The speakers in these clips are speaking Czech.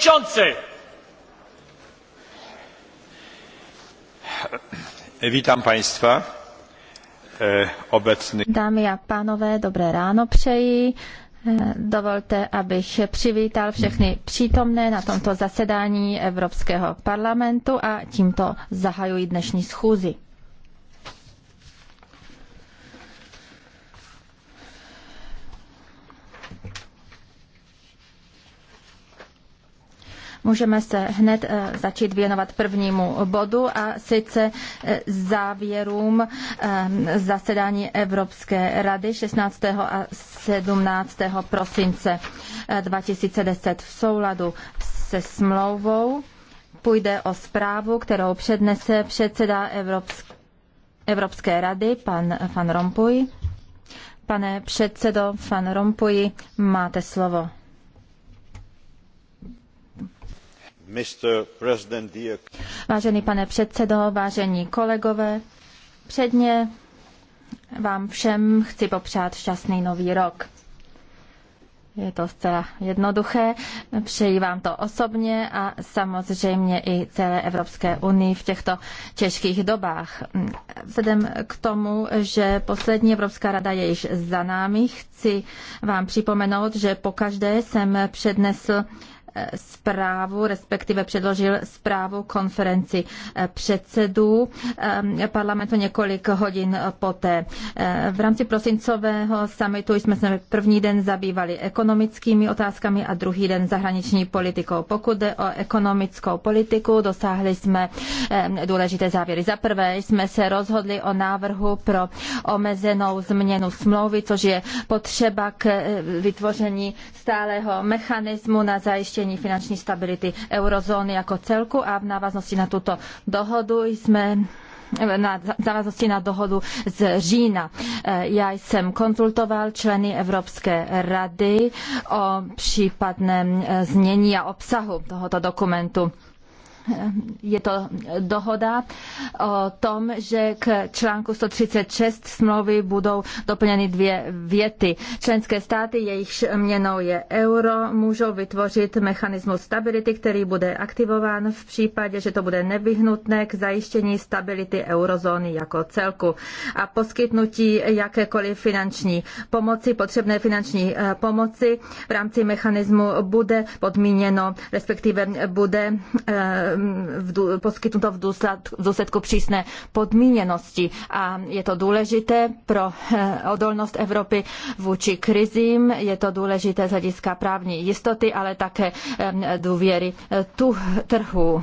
przewodniczący! Witam Państwa. E, obecny. Dámy a pánové, dobré ráno přeji. E, dovolte, abych přivítal všechny přítomné na tomto zasedání Evropského parlamentu a tímto zahajuji dnešní schůzi. můžeme se hned eh, začít věnovat prvnímu bodu a sice eh, závěrům eh, zasedání Evropské rady 16. a 17. prosince 2010 v souladu se smlouvou. Půjde o zprávu, kterou přednese předseda Evropské rady, pan Van Rompuy. Pane předsedo Van Rompuy, máte slovo. Vážený pane předsedo, vážení kolegové, předně vám všem chci popřát šťastný nový rok. Je to zcela jednoduché. Přeji vám to osobně a samozřejmě i celé Evropské unii v těchto těžkých dobách. Vzhledem k tomu, že poslední Evropská rada je již za námi, chci vám připomenout, že pokaždé jsem přednesl zprávu, respektive předložil zprávu konferenci eh, předsedů eh, parlamentu několik hodin poté. Eh, v rámci prosincového summitu jsme se první den zabývali ekonomickými otázkami a druhý den zahraniční politikou. Pokud jde o ekonomickou politiku, dosáhli jsme důležité závěry. Za prvé jsme se rozhodli o návrhu pro omezenou změnu smlouvy, což je potřeba k vytvoření stálého mechanismu na zajištění zajištění finanční stability eurozóny jako celku a v návaznosti na tuto dohodu jsme na závaznosti na dohodu z října. Já jsem konzultoval členy Evropské rady o případném znění a obsahu tohoto dokumentu je to dohoda o tom, že k článku 136 smlouvy budou doplněny dvě věty. Členské státy, jejichž měnou je euro, můžou vytvořit mechanismus stability, který bude aktivován v případě, že to bude nevyhnutné k zajištění stability eurozóny jako celku a poskytnutí jakékoliv finanční pomoci, potřebné finanční eh, pomoci v rámci mechanismu bude podmíněno, respektive bude eh, poskytnuto v důsledku, v důsledku přísné podmíněnosti. A je to důležité pro eh, odolnost Evropy vůči krizím, je to důležité z hlediska právní jistoty, ale také eh, důvěry eh, tu trhu.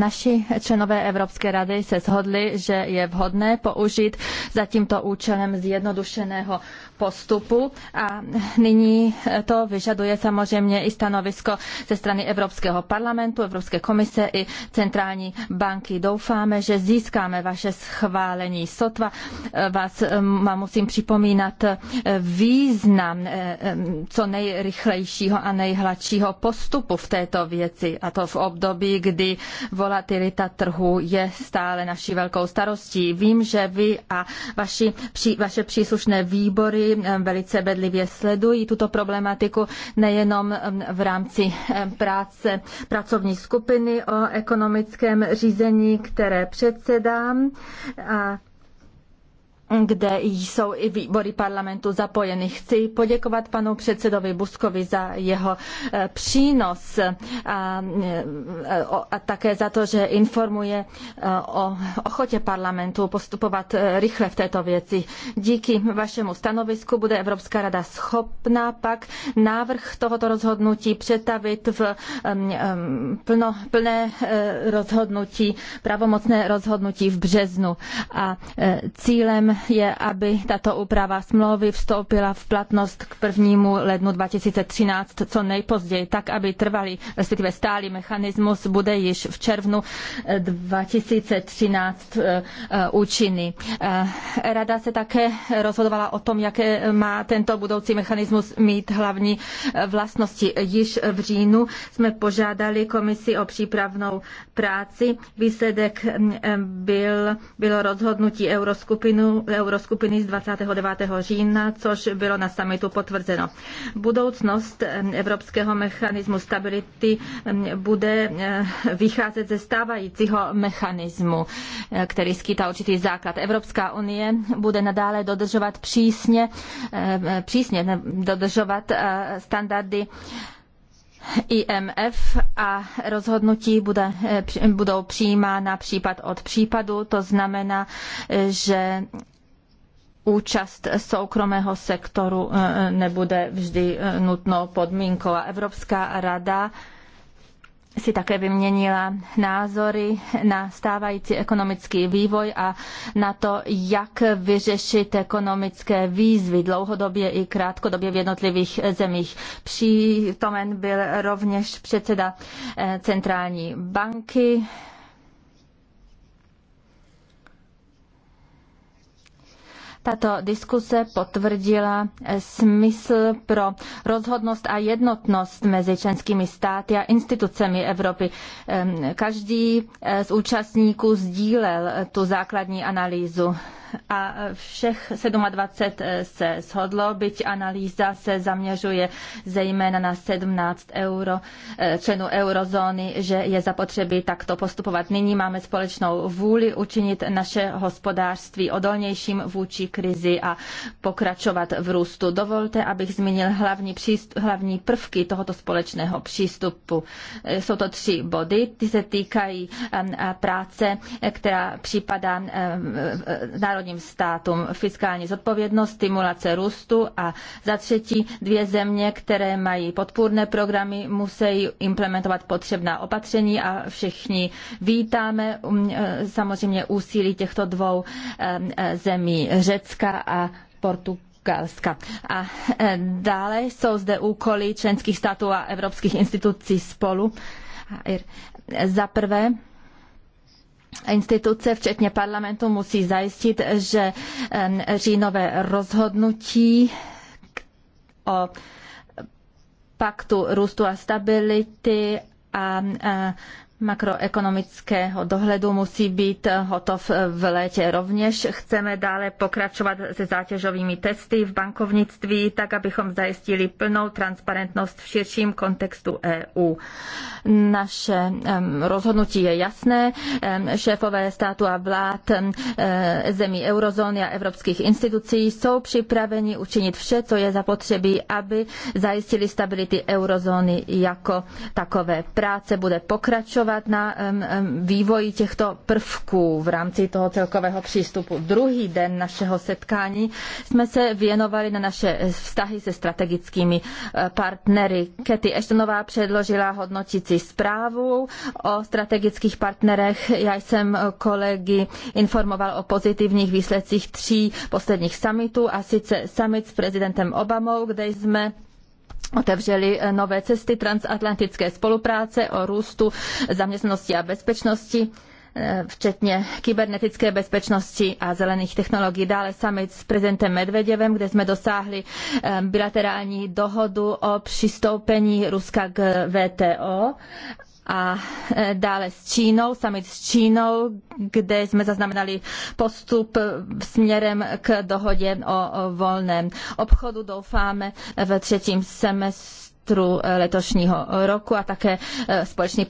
Naši členové Evropské rady se shodli, že je vhodné použít za tímto účelem zjednodušeného postupu a nyní to vyžaduje samozřejmě i stanovisko ze strany Evropského parlamentu, Evropské komise i centrální banky. Doufáme, že získáme vaše schválení. Sotva vás eh, musím připomínat eh, význam eh, co nejrychlejšího a nejhladšího postupu v této věci a to v období, kdy volatilita trhu je stále naší velkou starostí. Vím, že vy a vaši, vaše příslušné výbory Eh, velice bedlivě sledují tuto problematiku nejenom eh, v rámci eh, práce pracovní skupiny o ekonomickém řízení, které předsedám. A kde jsou i výbory parlamentu zapojeny. Chci poděkovat panu předsedovi Buskovi za jeho eh, přínos a, eh, a také za to, že informuje eh, o ochotě parlamentu postupovat rychle v této věci. Díky vašemu stanovisku bude Evropská rada schopna pak návrh tohoto rozhodnutí přetavit v plno, plné rozhodnutí, pravomocné rozhodnutí v březnu. A cílem je, aby tato úprava smlouvy vstoupila v platnost k 1. lednu 2013 co nejpozději, tak aby trvalý, respektive stálý mechanismus bude již v červnu 2013 eh, eh, eh, účinný. Rada se také rozhodovala o tom, jaké má tento budoucí mechanismus mít hlavní vlastnosti. Již v říjnu jsme požádali komisi o přípravnou práci. Výsledek mm, byl, bylo rozhodnutí euroskupinu, euroskupiny z 29. října, což bylo na samitu potvrzeno. Budoucnost eh, Evropského mechanismu stability eh, bude eh, vycházet ze stávajícího mechanismu, který skýtá určitý základ. Evropská unie bude nadále dodržovat přísně, přísně dodržovat standardy IMF a rozhodnutí bude, budou přijímána případ od případu. To znamená, že účast soukromého sektoru eh, nebude vždy eh, nutnou podmínkou. A Evropská rada si také vyměnila názory na stávající ekonomický vývoj a na to, jak vyřešit ekonomické výzvy dlouhodobě i krátkodobě v jednotlivých zemích. Přítomen byl rovněž předseda eh, centrální banky Tato diskuse potvrdila eh, smysl pro rozhodnost a jednotnost mezi členskými státy a institucemi Evropy. Ehm, každý eh, z účastníků sdílel eh, tu základní analýzu a všech 27 eh, se shodlo, byť analýza se zaměřuje zejména na 17 euro, členů eh, eurozóny, že je zapotřebí takto postupovat. Nyní máme společnou vůli učinit naše hospodářství odolnějším vůči krizi a pokračovat v růstu. Dovolte, abych zmínil hlavní, přístup, hlavní prvky tohoto společného přístupu. Eh, jsou to tři body, ty se týkají práce, která připadá národní národním státům. Fiskální zodpovědnost, stimulace růstu a za třetí dvě země, které mají podpůrné programy, musí implementovat potřebná opatření a všichni vítáme um, eh, samozřejmě úsilí těchto dvou eh, eh, zemí Řecka a Portugalska. Galska. A dále jsou zde úkoly členských států a evropských institucí spolu. Za prvé, instituce, včetně parlamentu, musí zajistit, že říjnové rozhodnutí o paktu růstu a stability a, a makroekonomického dohledu musí být hotov v létě. Rovněž chceme dále pokračovat se zátěžovými testy v bankovnictví, tak abychom zajistili plnou transparentnost v širším kontextu EU. Naše rozhodnutí je jasné. Šéfové státu a vlád e, zemí eurozóny a evropských institucí jsou připraveni učinit vše, co je zapotřebí, aby zajistili stability eurozóny jako takové. Práce bude pokračovat pracovat na vývoji těchto prvků v rámci toho celkového přístupu. Druhý den našeho setkání jsme se věnovali na naše vztahy se strategickými eh, partnery. Kety Eštonová předložila hodnotící zprávu o strategických partnerech. Já jsem kolegy informoval o pozitivních výsledcích tří posledních summitů, a sice summit s prezidentem Obamou, kde jsme otevřeli eh, nové cesty transatlantické spolupráce o růstu zaměstnanosti a bezpečnosti eh, včetně kybernetické bezpečnosti a zelených technologií. Dále summit s prezidentem Medveděvem, kde jsme dosáhli eh, bilaterální dohodu o přistoupení Ruska k VTO a e, dále s Čínou, summit s Čínou, kde jsme zaznamenali postup e, směrem k dohodě o volném obchodu. Doufáme e, v třetím semestru semestru eh, letošního roku a také eh, společný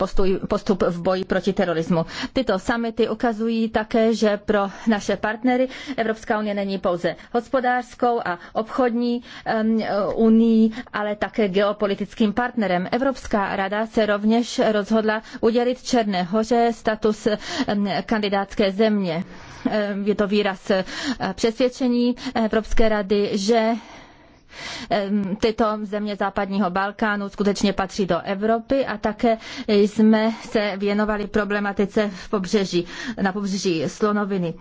postup v boji proti terorismu. Tyto samity ukazují také, že pro naše partnery Evropská unie není pouze hospodářskou a obchodní eh, unii, ale také geopolitickým partnerem. Evropská rada se rovněž rozhodla udělit Černé hoře status kandidátské země. Je to výraz přesvědčení Evropské rady, že Tyto země západního Balkánu skutečně patří do Evropy a také jsme se věnovali problematice v pobřeží, na pobřeží Slonoviny.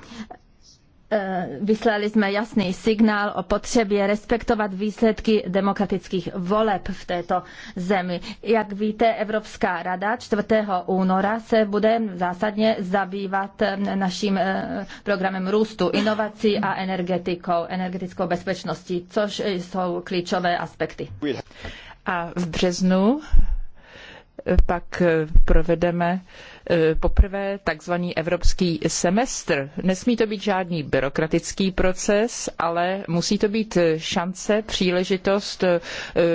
Eh, vyslali jsme jasný signál o potřebě respektovat výsledky demokratických voleb v této zemi. Jak víte, Evropská rada 4. února se bude zásadně zabývat eh, naším eh, programem růstu, inovací a energetikou, energetickou bezpečností, což jsou klíčové aspekty. A v březnu pak provedeme E, poprvé takzvaný evropský semestr. Nesmí to být žádný byrokratický proces, ale musí to být šance, příležitost e,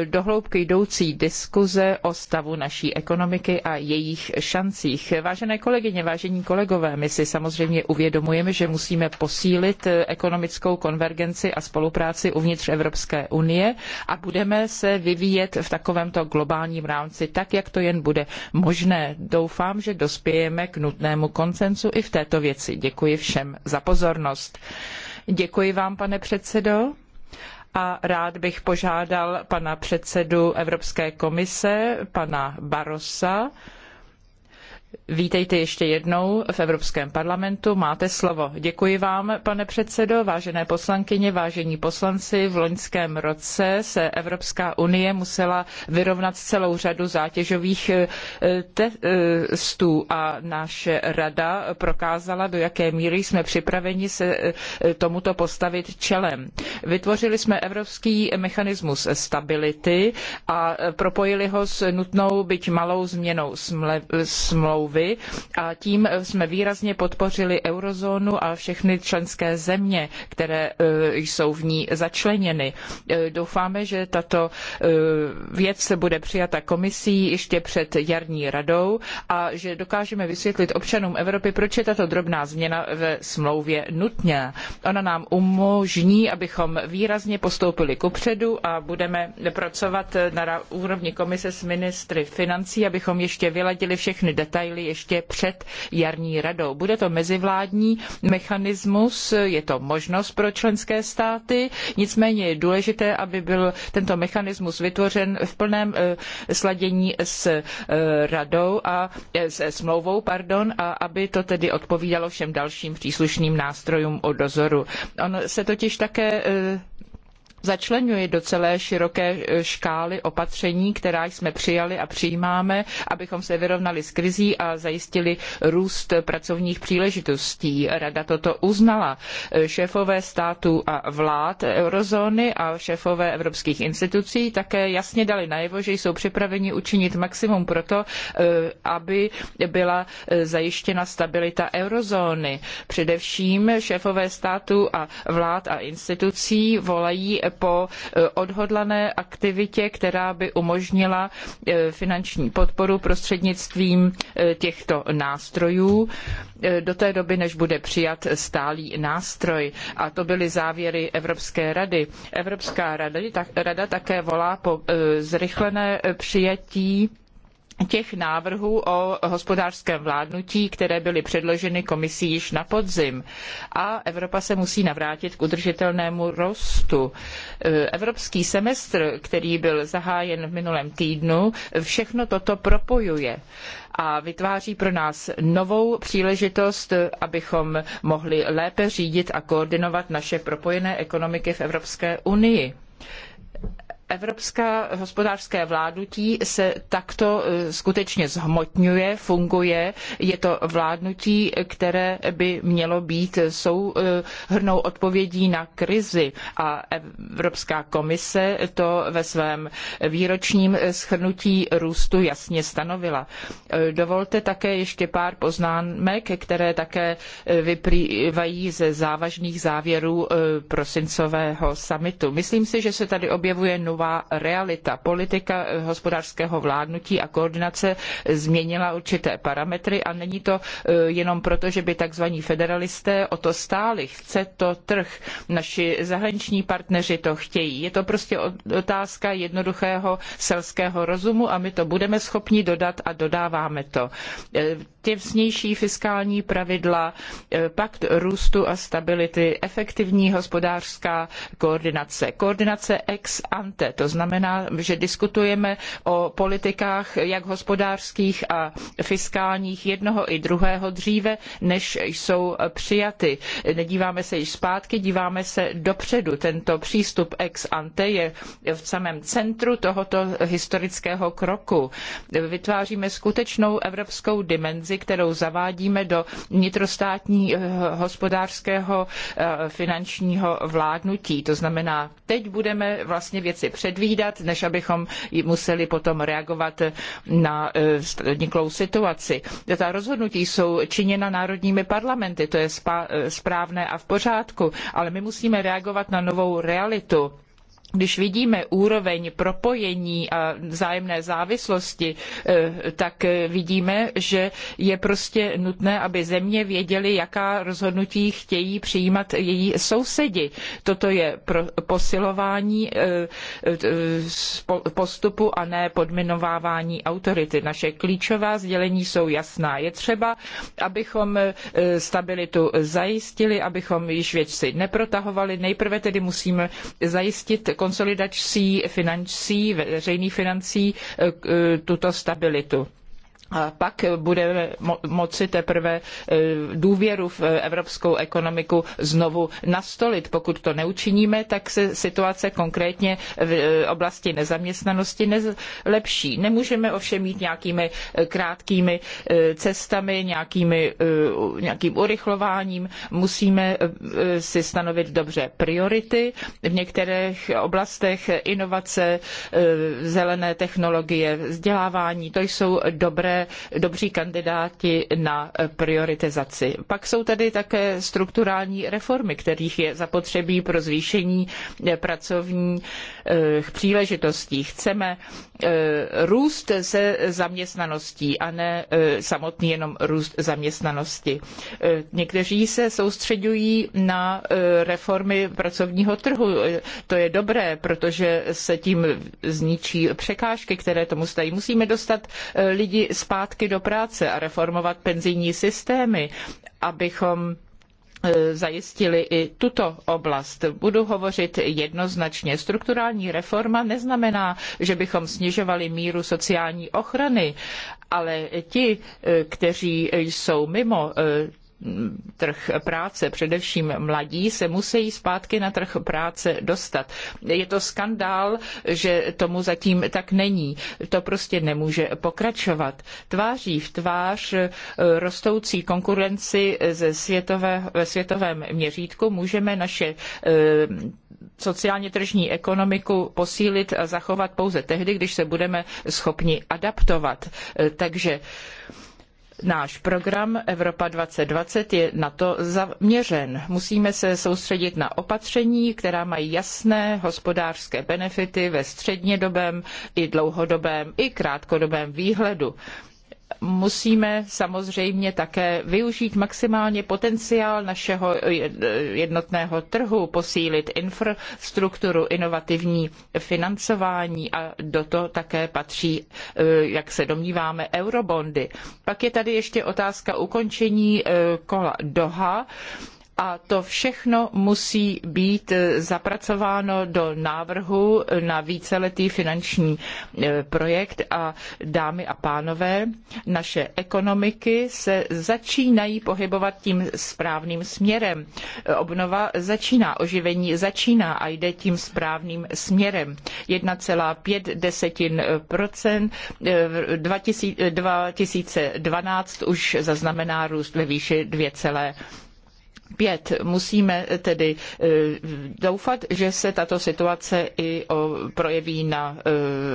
dohloubky jdoucí diskuze o stavu naší ekonomiky a jejich šancích. Vážené kolegyně, vážení kolegové, my si samozřejmě uvědomujeme, že musíme posílit e, ekonomickou konvergenci a spolupráci uvnitř Evropské unie a budeme se vyvíjet v takovémto globálním rámci tak, jak to jen bude možné. Doufám, že dospějeme dospějeme k nutnému konsensu i v této věci. Děkuji všem za pozornost. Děkuji vám, pane předsedo. A rád bych požádal pana předsedu Evropské komise, pana Barossa, Vítejte ještě jednou v Evropském parlamentu. Máte slovo. Děkuji vám, pane předsedo, vážené poslankyně, vážení poslanci. V loňském roce se Evropská unie musela vyrovnat s celou řadu zátěžových eh, testů eh, a naše rada prokázala, do jaké míry jsme připraveni se eh, tomuto postavit čelem. Vytvořili jsme evropský mechanismus stability a propojili ho s nutnou, byť malou změnou smlouvy smlouvy a tím jsme výrazně podpořili eurozónu a všechny členské země, které e, jsou v ní začleněny. E, doufáme, že tato e, věc bude přijata komisí ještě před jarní radou a že dokážeme vysvětlit občanům Evropy, proč je tato drobná změna ve smlouvě nutná. Ona nám umožní, abychom výrazně postoupili kupředu a budeme pracovat na úrovni komise s ministry financí, abychom ještě vyladili všechny detaily detaily ještě před jarní radou. Bude to mezivládní mechanismus, je to možnost pro členské státy, nicméně je důležité, aby byl tento mechanismus vytvořen v plném eh, sladění s eh, radou a eh, se smlouvou, pardon, a aby to tedy odpovídalo všem dalším příslušným nástrojům o dozoru. On se totiž také začlenuji do celé široké eh, škály opatření, která jsme přijali a přijímáme, abychom se vyrovnali s krizí a zajistili růst pracovních příležitostí. Rada toto uznala. Eh, šéfové států a vlád eurozóny a šéfové evropských institucí také jasně dali najevo, že jsou připraveni učinit maximum pro to, eh, aby byla zajištěna stabilita eurozóny. Především šéfové států a vlád a institucí volají po e, odhodlané aktivitě, která by umožnila e, finanční podporu prostřednictvím e, těchto nástrojů do té doby, než bude přijat stálý nástroj. A to byly závěry Evropské rady. Evropská rada, rada také volá po zrychlené přijetí těch návrhů o hospodářském vládnutí, které byly předloženy komisí již na podzim. A Evropa se musí navrátit k udržitelnému růstu. Eh, evropský semestr, který byl zahájen v minulém týdnu, všechno toto propojuje a vytváří pro nás novou příležitost, abychom mohli lépe řídit a koordinovat naše propojené ekonomiky v Evropské unii Evropská hospodářské vládnutí se takto e, skutečně zhmotňuje, funguje. Je to vládnutí, které by mělo být e, souhrnou e, odpovědí na krizi a Evropská komise to ve svém výročním schrnutí růstu jasně stanovila. Dovolte také ještě pár poznámek, které také vyplývají ze závažných závěrů prosincového summitu. Myslím si, že se tady objevuje nová nová realita. Politika eh, hospodářského vládnutí a koordinace změnila určité parametry a není to eh, jenom proto, že by tzv. federalisté o to stáli. Chce to trh. Naši zahraniční partneři to chtějí. Je to prostě otázka jednoduchého selského rozumu a my to budeme schopni dodat a dodáváme to. Eh, těsnější fiskální pravidla, pakt růstu a stability, efektivní hospodářská koordinace, koordinace ex ante důležité. To znamená, že diskutujeme o politikách jak hospodářských a fiskálních jednoho i druhého dříve, než jsou přijaty. Nedíváme se již zpátky, díváme se dopředu. Tento přístup ex ante je v samém centru tohoto historického kroku. Vytváříme skutečnou evropskou dimenzi, kterou zavádíme do vnitrostátní eh, hospodářského eh, finančního vládnutí. To znamená, teď budeme vlastně věci předvídat, než abychom museli potom reagovat na e, vzniklou situaci. Ta rozhodnutí jsou činěna národními parlamenty, to je e, správné a v pořádku, ale my musíme reagovat na novou realitu když vidíme úroveň propojení a vzájemné závislosti, eh, tak vidíme, že je prostě nutné, aby země věděly, jaká rozhodnutí chtějí přijímat její sousedi. Toto je posilování eh, eh, postupu a ne podminovávání autority. Naše klíčová sdělení jsou jasná. Je třeba, abychom stabilitu zajistili, abychom již věci neprotahovali. Nejprve tedy musíme zajistit konsolidací financí, veřejných financí eh, eh, tuto stabilitu a pak budeme moci teprve e, důvěru v e, evropskou ekonomiku znovu nastolit. Pokud to neučiníme, tak se situace konkrétně v e, oblasti nezaměstnanosti nezlepší. Nemůžeme ovšem mít nějakými krátkými cestami, nějakými, nějakým urychlováním. Musíme si stanovit dobře priority. V některých oblastech inovace, zelené technologie, vzdělávání, to jsou dobré dobří kandidáti na prioritizaci. Pak jsou tady také strukturální reformy, kterých je zapotřebí pro zvýšení pracovních eh, příležitostí. Chceme E, růst se zaměstnaností a ne e, samotný jenom růst zaměstnanosti. E, někteří se soustředují na reformy pracovního trhu. To je dobré, protože se tím zničí překážky, které tomu stají. Musíme dostat lidi zpátky do práce a reformovat penzijní systémy, abychom E, zajistili i tuto oblast. Budu hovořit jednoznačně. Strukturální reforma neznamená, že bychom snižovali míru sociální ochrany, ale ti, e, kteří jsou mimo e, trh práce, především mladí, se musí zpátky na trh práce dostat. Je to skandál, že tomu zatím tak není. To prostě nemůže pokračovat. Tváří v tvář eh, rostoucí konkurenci ze světové, ve světovém měřítku můžeme naše eh, sociálně tržní ekonomiku posílit a zachovat pouze tehdy, když se budeme schopni adaptovat. Eh, takže Náš program Evropa 2020 je na to zaměřen. Musíme se soustředit na opatření, která mají jasné hospodářské benefity ve střednědobém i dlouhodobém i krátkodobém výhledu musíme samozřejmě také využít maximálně potenciál našeho jednotného trhu, posílit infrastrukturu, inovativní financování a do toho také patří, eh, jak se domníváme, eurobondy. Pak je tady ještě otázka ukončení eh, kola Doha a to všechno musí být eh, zapracováno do návrhu na víceletý finanční eh, projekt a dámy a pánové, naše ekonomiky se začínají pohybovat tím správným směrem. Obnova začíná, oživení začíná a jde tím správným směrem. 1,5 desetin procent, 2012 eh, už zaznamená růst ve výši 2, Pět Musíme tedy eh, doufat, že se tato situace i projeví na eh,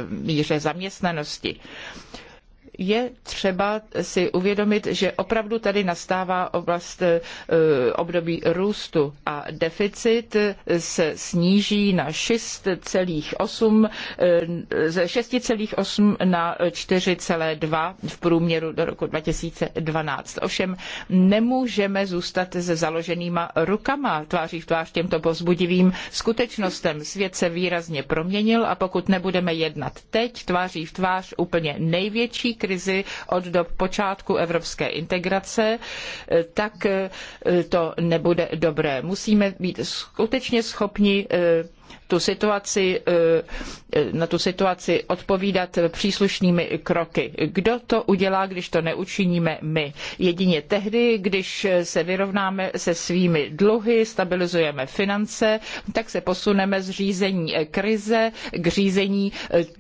míře zaměstnanosti je třeba si uvědomit, že opravdu tady nastává oblast eh, období růstu a deficit se sníží na 6,8 eh, ze 6,8 na 4,2 v průměru do roku 2012. Ovšem nemůžeme zůstat se založenýma rukama tváří v tvář těmto povzbudivým skutečnostem. Svět se výrazně proměnil a pokud nebudeme jednat teď tváří v tvář úplně největší krizi, krizi od dob počátku evropské integrace, eh, tak eh, to nebude dobré. Musíme být skutečně schopni eh, tu situaci, eh, eh, na tu situaci odpovídat příslušnými kroky. Kdo to udělá, když to neučiníme my? Jedině tehdy, když se vyrovnáme se svými dluhy, stabilizujeme finance, tak se posuneme z řízení eh, krize k řízení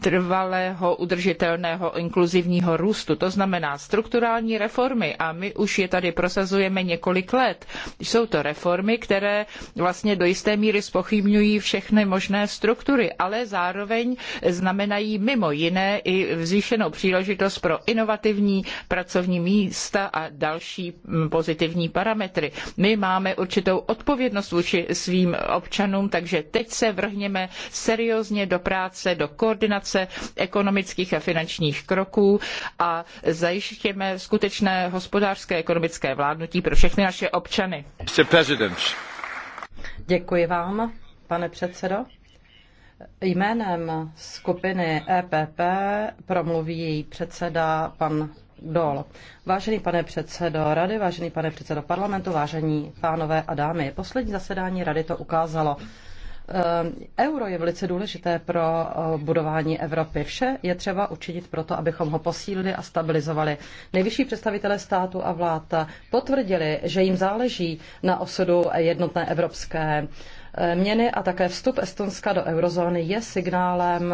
trvalého, udržitelného, inkluzivního růstu. To znamená strukturální reformy a my už je tady prosazujeme několik let. Jsou to reformy, které vlastně do jisté míry spochybňují všechny možnosti možné struktury, ale zároveň znamenají mimo jiné i zvýšenou příležitost pro inovativní pracovní místa a další mm, pozitivní parametry. My máme určitou odpovědnost vůči svým občanům, takže teď se vrhněme seriózně do práce, do koordinace ekonomických a finančních kroků a zajištěme skutečné hospodářské a ekonomické vládnutí pro všechny naše občany. Děkuji vám pane předsedo. Jménem skupiny EPP promluví její předseda pan Dol. Vážený pane předsedo rady, vážený pane předsedo parlamentu, vážení pánové a dámy, poslední zasedání rady to ukázalo. Eh, euro je velice důležité pro eh, budování Evropy. Vše je třeba učinit proto, abychom ho posílili a stabilizovali. Nejvyšší představitelé státu a vláda potvrdili, že jim záleží na osudu jednotné evropské měny a také vstup Estonska do eurozóny je signálem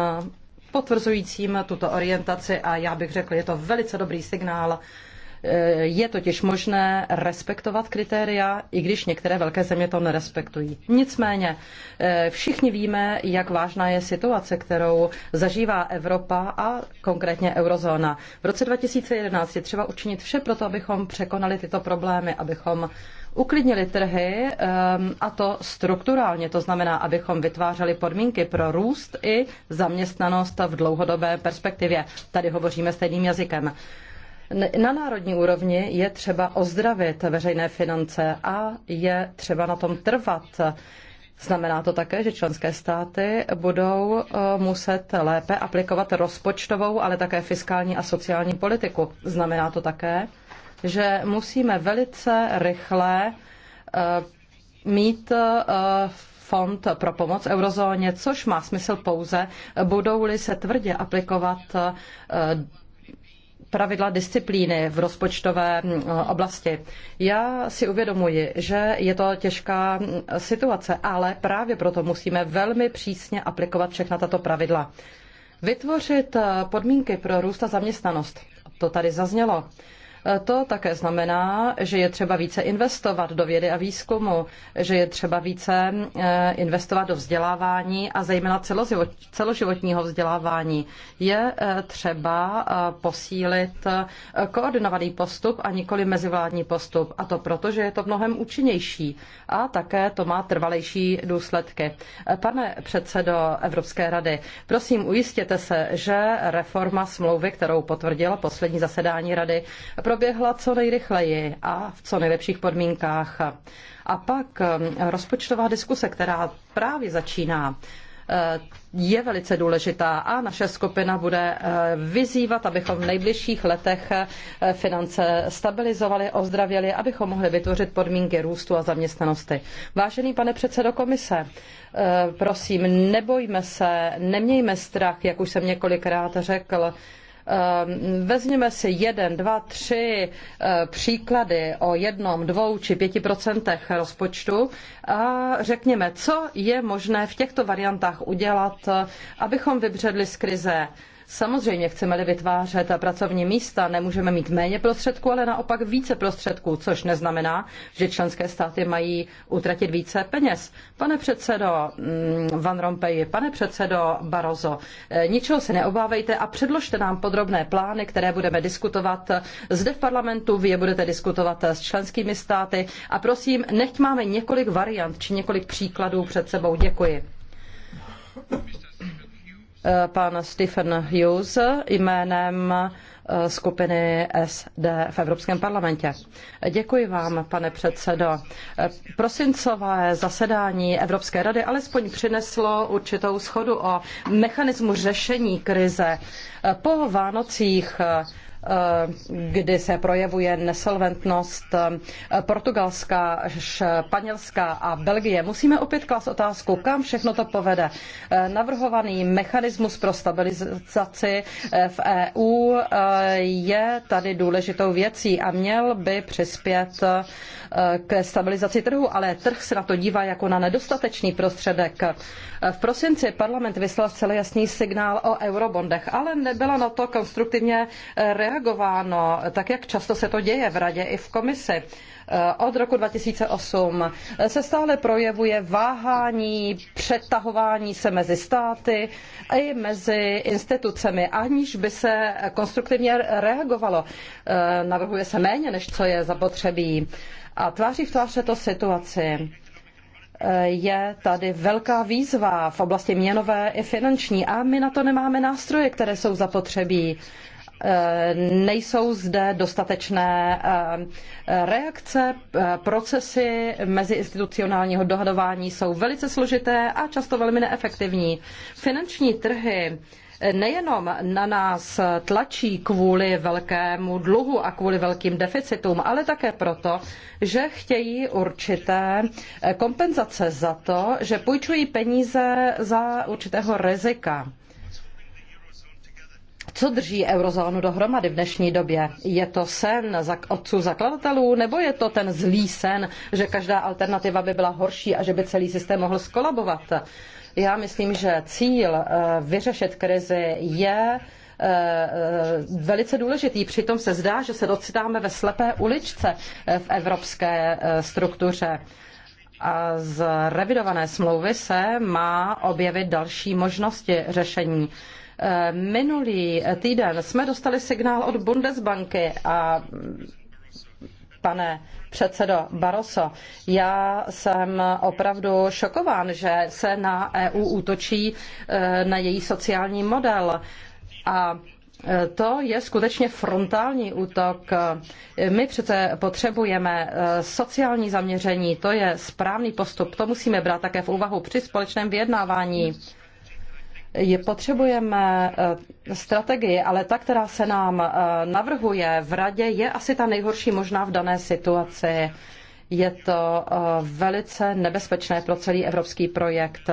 potvrzujícím tuto orientaci a já bych řekl, je to velice dobrý signál. Eh, je totiž možné respektovat kritéria, i když některé velké země to nerespektují. Nicméně eh, všichni víme, jak vážná je situace, kterou zažívá Evropa a konkrétně eurozóna. V roce 2011 je třeba učinit vše pro to, abychom překonali tyto problémy, abychom uklidnili trhy ehm, a to strukturálně, to znamená, abychom vytvářeli podmínky pro růst i zaměstnanost v dlouhodobé perspektivě. Tady hovoříme stejným jazykem. Na národní úrovni je třeba ozdravit veřejné finance a je třeba na tom trvat. Znamená to také, že členské státy budou eh, muset lépe aplikovat rozpočtovou, ale také fiskální a sociální politiku. Znamená to také, že musíme velice rychle eh, mít eh, fond pro pomoc eurozóně, což má smysl pouze, budou-li se tvrdě aplikovat eh, pravidla disciplíny v rozpočtové oblasti. Já si uvědomuji, že je to těžká mm, situace, ale právě proto musíme velmi přísně aplikovat všechna tato pravidla. Vytvořit podmínky pro růst a zaměstnanost. To tady zaznělo. To také znamená, že je třeba více investovat do vědy a výzkumu, že je třeba více eh, investovat do vzdělávání a zejména celoživotního vzdělávání. Je eh, třeba eh, posílit koordinovaný postup a nikoli mezivládní postup. A to proto, že je to mnohem účinnější a také to má trvalejší důsledky. Pane předsedo Evropské rady, prosím ujistěte se, že reforma smlouvy, kterou potvrdila poslední zasedání rady, pro proběhla co nejrychleji a v co nejlepších podmínkách. A pak um, rozpočtová diskuse, která právě začíná, eh, je velice důležitá a naše skupina bude eh, vyzývat, abychom v nejbližších letech eh, finance stabilizovali, ozdravěli, abychom mohli vytvořit podmínky růstu a zaměstnanosti. Vážený pane předsedo komise, prosím, nebojme se, nemějme strach, jak už jsem několikrát řekl, Ehm, vezměme si jeden, dva, tři eh, příklady o jednom, dvou či pěti procentech rozpočtu a řekněme, co je možné v těchto variantách udělat, eh, abychom vybředli z krize. Samozřejmě chceme-li vytvářet pracovní místa, nemůžeme mít méně prostředků, ale naopak více prostředků, což neznamená, že členské státy mají utratit více peněz. Pane předsedo mm, Van Rompuy, pane předsedo Barozo, eh, ničeho se neobávejte a předložte nám podrobné plány, které budeme diskutovat zde v parlamentu, vy je budete diskutovat s členskými státy a prosím, nechť máme několik variant či několik příkladů před sebou. Děkuji pan Stephen Hughes jménem eh, skupiny SD v Evropském parlamentě. Děkuji vám, pane předsedo. Eh, prosincové zasedání Evropské rady alespoň přineslo určitou schodu o mechanismu řešení krize. Eh, po Vánocích kdy se projevuje nesolventnost eh, Portugalska, Španělska a Belgie. Musíme opět klást otázku, kam všechno to povede. Eh, Navrhovaný mechanismus pro stabilizaci eh, v EU je tady důležitou věcí a měl by přispět ke stabilizaci trhu, ale trh se na to dívá jako na nedostatečný prostředek. V prosinci parlament vyslal celý jasný signál o eurobondech, ale nebyla na to konstruktivně reakce reagováno, tak jak často se to děje v radě i v komisi. Eh, od roku 2008 se stále projevuje váhání, přetahování se mezi státy i mezi institucemi, aniž by se konstruktivně reagovalo. Eh, navrhuje se méně, než co je zapotřebí. A tváří v tvář této situaci eh, je tady velká výzva v oblasti měnové i finanční a my na to nemáme nástroje, které jsou zapotřebí. Eh, nejsou zde dostatečné eh, eh, reakce, procesy meziinstitucionálního dohadování jsou velice složité a často velmi neefektivní. Finanční trhy nejenom na nás tlačí kvůli velkému dluhu a kvůli velkým deficitům, ale také proto, že chtějí určité kompenzace za to, že půjčují peníze za určitého rizika. Co drží eurozónu dohromady v dnešní době? Je to sen otců zakladatelů, nebo je to ten zlý sen, že každá alternativa by byla horší a že by celý systém mohl skolabovat? Já myslím, že cíl eh, vyřešit krizi je eh, eh, velice důležitý. Přitom se zdá, že se docitáme ve slepé uličce v evropské struktuře. A z revidované smlouvy se má objevit další možnosti řešení. Eh, minulý týden jsme dostali signál od Bundesbanky a pane předsedo Barroso, já jsem opravdu šokován, že se na EU útočí eh, na její sociální model. A eh, to je skutečně frontální útok. My přece potřebujeme sociální zaměření, to je správný postup, to musíme brát také v úvahu při společném vyjednávání je potřebujeme eh, strategii, ale ta, která se nám eh, navrhuje v radě, je asi ta nejhorší možná v dané situaci. Je to eh, velice nebezpečné pro celý evropský projekt.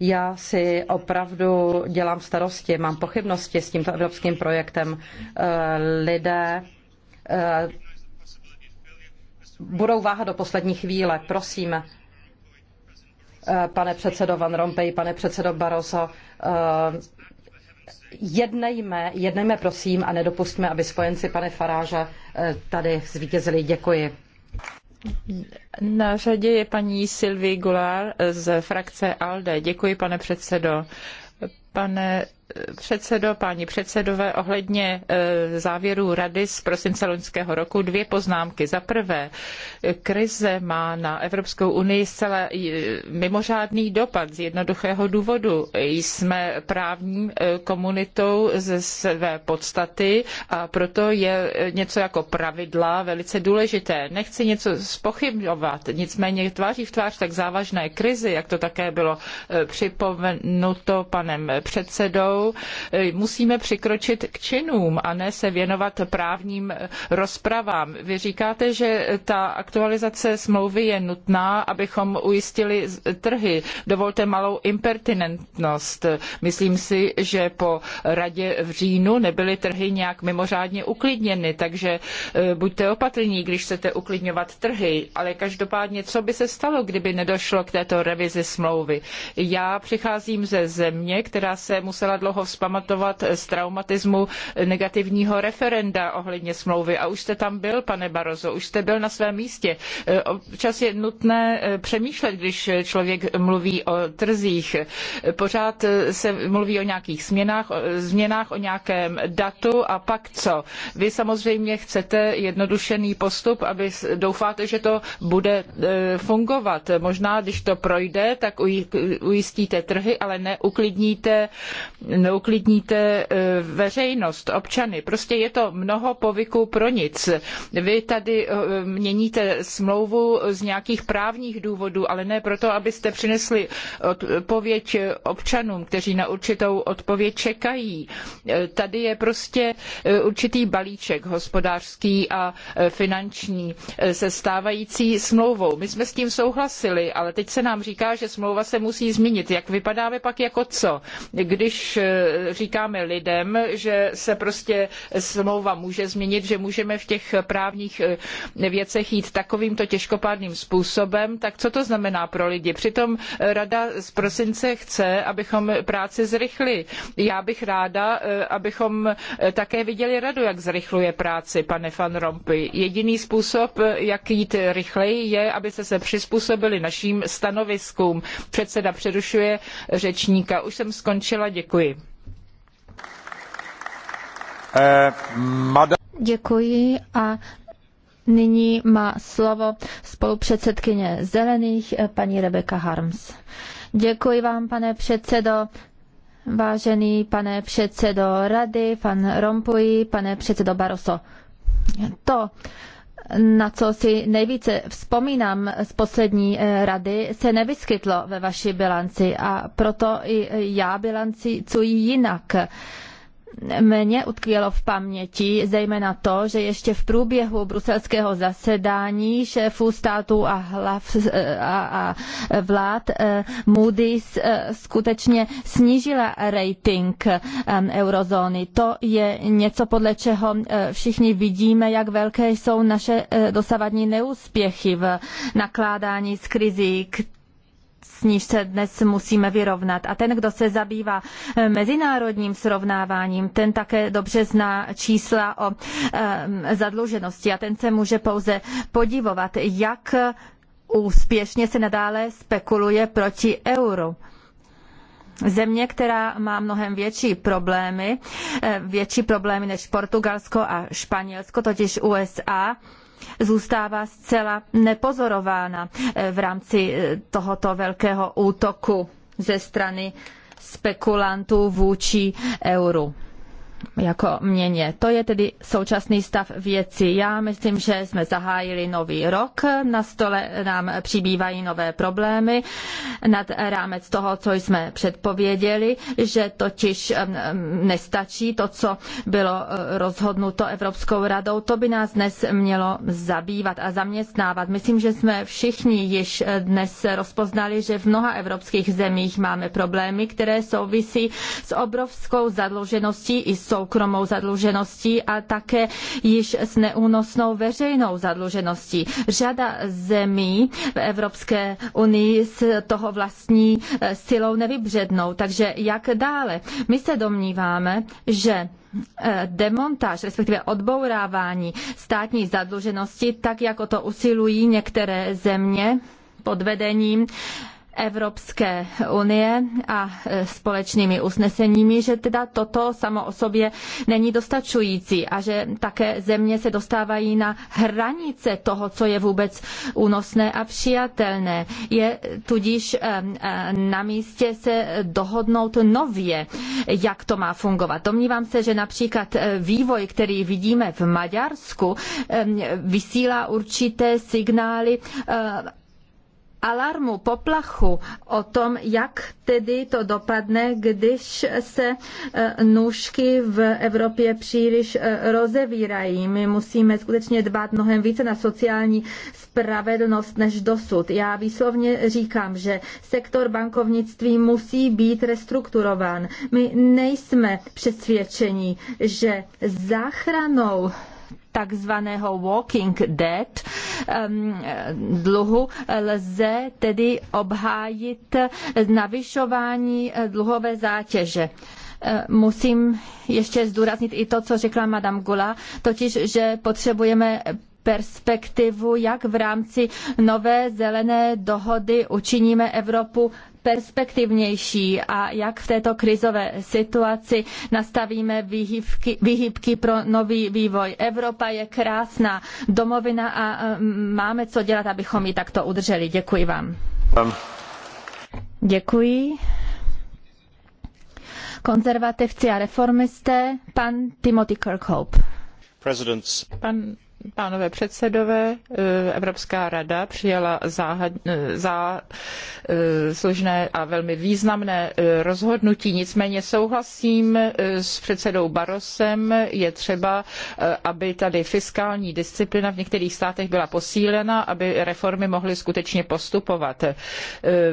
Já si opravdu dělám starosti, mám pochybnosti s tímto evropským projektem. Lidé budou váhat do poslední chvíle. Prosím, Eh, pane předsedo Van Rompuy, pane předsedo Barroso, eh, jednejme, jednejme prosím a nedopustme, aby spojenci pane Faráže eh, tady zvítězili. Děkuji. Na řadě je paní Sylvie Goulart z frakce ALDE. Děkuji, pane předsedo. Pane předsedo, páni předsedové, ohledně e, závěrů Rady z prosince loňského roku dvě poznámky. Za prvé, krize má na Evropskou unii zcela e, mimořádný dopad z jednoduchého důvodu. Jsme právní e, komunitou ze své podstaty a proto je něco jako pravidla velice důležité. Nechci něco spochybňovat, nicméně tváří v tvář tak závažné krizi, jak to také bylo připomenuto panem předsedou, vládou, e, musíme přikročit k činům a ne se věnovat právním e, rozpravám. Vy říkáte, že ta aktualizace smlouvy je nutná, abychom ujistili trhy. Dovolte malou impertinentnost. Myslím si, že po radě v říjnu nebyly trhy nějak mimořádně uklidněny, takže e, buďte opatrní, když chcete uklidňovat trhy, ale každopádně, co by se stalo, kdyby nedošlo k této revizi smlouvy? Já přicházím ze země, která se musela dlouho vzpamatovat z traumatismu negativního referenda ohledně smlouvy. A už jste tam byl, pane Barozo, už jste byl na svém místě. E, občas je nutné e, přemýšlet, když člověk mluví o trzích. E, pořád se mluví o nějakých směnách, o změnách, o nějakém datu a pak co? Vy samozřejmě chcete jednodušený postup, aby doufáte, že to bude fungovat. Možná, když to projde, tak ujistíte trhy, ale neuklidníte neuklidníte eh, veřejnost, občany. Prostě je to mnoho povyků pro nic. Vy tady eh, měníte smlouvu z nějakých právních důvodů, ale ne proto, abyste přinesli odpověď občanům, kteří na určitou odpověď čekají. Eh, tady je prostě určitý balíček hospodářský a finanční se stávající smlouvou. My jsme s tím souhlasili, ale teď se nám říká, že smlouva se musí změnit. Jak vypadáme pak jako co? Když říkáme lidem, že se prostě smlouva může změnit, že můžeme v těch právních eh, věcech jít takovýmto těžkopádným způsobem, tak co to znamená pro lidi? Přitom rada z prosince chce, abychom práci zrychli. Já bych ráda, eh, abychom eh, také viděli radu, jak zrychluje práci, pane Van Rompuy. Jediný způsob, jak jít rychleji, je, abyste se přizpůsobili našim stanoviskům. Předseda přerušuje řečníka. Už jsem skončila, děkuji. Eh, Děkuji a nyní má slovo spolupředsedkyně Zelených, eh, paní Rebeka Harms. Děkuji vám, pane předsedo. Vážený pane předsedo rady, pan Rompuy, pane předsedo Barroso. To, na co si nejvíce vzpomínám z poslední eh, rady, se nevyskytlo ve vaší bilanci a proto i já bilanci cuji jinak. Mně utkvělo v paměti zejména to, že ještě v průběhu bruselského zasedání šéfů států a hlav eh, a, a vlád eh, Moody's eh, skutečně snížila rating eurozóny. To je něco, podle čeho všichni vidíme, jak velké jsou naše dosavadní neúspěchy v nakládání s krizí, s níž se dnes musíme vyrovnat. A ten, kdo se zabývá eh, mezinárodním srovnáváním, ten také dobře zná čísla o eh, zadluženosti a ten se může pouze podivovat, jak úspěšně se nadále spekuluje proti euru. Země, která má mnohem větší problémy, eh, větší problémy než Portugalsko a Španělsko, totiž USA, zůstává zcela nepozorována eh, v rámci eh, tohoto velkého útoku ze strany spekulantů vůči euru jako měně. To je tedy současný stav věci. Já myslím, že jsme zahájili nový rok, na stole nám přibývají nové problémy nad rámec toho, co jsme předpověděli, že totiž nestačí to, co bylo e, rozhodnuto Evropskou radou. To by nás dnes mělo zabývat a zaměstnávat. Myslím, že jsme všichni již e, dnes rozpoznali, že v mnoha evropských zemích máme problémy, které souvisí s obrovskou zadlužeností i s soukromou zadlužeností a také již s neúnosnou veřejnou zadlužeností. Řada zemí v Evropské unii z toho vlastní eh, silou nevybřednou. Takže jak dále? My se domníváme, že eh, demontáž, respektive odbourávání státní zadluženosti, tak jako o to usilují některé země pod vedením Evropské unie a e, společnými usneseními, že teda toto samo o sobě není dostačující a že také země se dostávají na hranice toho, co je vůbec únosné a přijatelné. Je tudíž e, e, na místě se dohodnout nově, jak to má fungovat. Domnívám se, že například vývoj, který vidíme v Maďarsku, vysílá určité signály alarmu, poplachu o tom, jak tedy to dopadne, když se e, nůžky v Evropě příliš e, rozevírají. My musíme skutečně dbát mnohem více na sociální spravedlnost než dosud. Já výslovně říkám, že sektor bankovnictví musí být restrukturován. My nejsme přesvědčeni, že záchranou takzvaného Walking Dead dluhu lze tedy obhájit navyšování eh, dluhové zátěže eh, musím ještě zdůraznit i to, co řekla Madame Gula, totiž, že potřebujeme perspektivu, jak v rámci nové zelené dohody učiníme Evropu perspektivnější a jak v této krizové situaci nastavíme výhybky, výhybky pro nový vývoj. Evropa je krásná domovina a e, máme co dělat, abychom ji takto udrželi. Děkuji vám. Děkuji. Konzervativci a reformisté, pan Timothy Kirkhope. Pan Pánové předsedové, eh, Evropská rada přijala záhad, eh, eh, složné a velmi významné rozhodnutí. Nicméně souhlasím s předsedou Barosem, je třeba, aby tady fiskální disciplina v některých státech byla posílena, aby reformy mohly skutečně postupovat.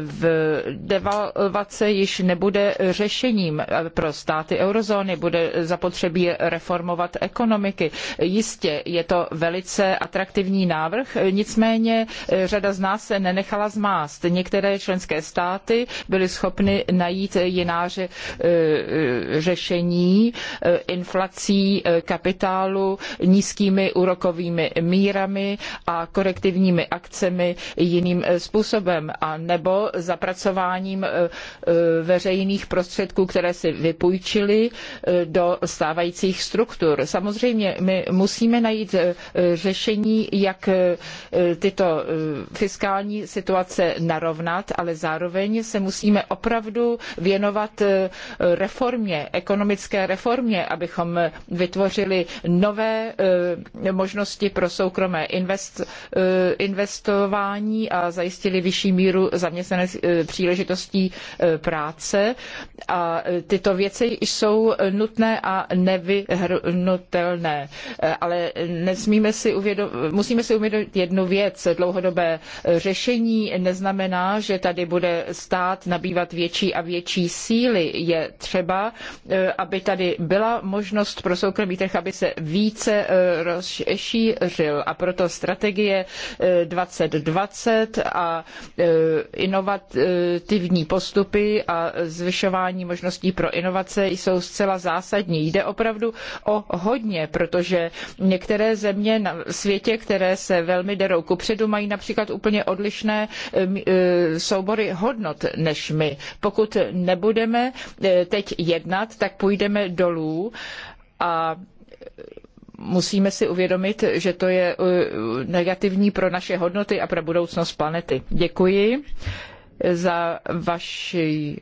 V devalvace již nebude řešením pro státy eurozóny, bude zapotřebí reformovat ekonomiky. Jistě je to velice atraktivní návrh, nicméně eh, řada z nás se nenechala zmást. Některé členské státy byly schopny najít jiná eh, eh, řešení inflací kapitálu, nízkými úrokovými mírami a korektivními akcemi jiným způsobem a nebo zapracováním veřejných prostředků, které si vypůjčili do stávajících struktur. Samozřejmě my musíme najít řešení, jak e, tyto e, fiskální situace narovnat, ale zároveň se musíme opravdu věnovat e, reformě, ekonomické reformě, abychom vytvořili nové možnosti pro soukromé invest, investování a zajistili vyšší míru zaměstnanecké příležitostí práce. A tyto věci jsou nutné a nevyhnutelné, ale nesmí si musíme si uvědomit jednu věc. Dlouhodobé eh, řešení neznamená, že tady bude stát nabývat větší a větší síly. Je třeba, eh, aby tady byla možnost pro soukromý trh, aby se více eh, rozšířil. A proto strategie 2020 a inovativní postupy a zvyšování možností pro inovace jsou zcela zásadní. Jde opravdu o hodně, protože některé země země na světě, které se velmi derou kupředu, mají například úplně odlišné eh, eh, soubory hodnot než my. Pokud nebudeme eh, teď jednat, tak půjdeme dolů a musíme si uvědomit, že to je negativní pro naše hodnoty a pro budoucnost planety. Děkuji za vaši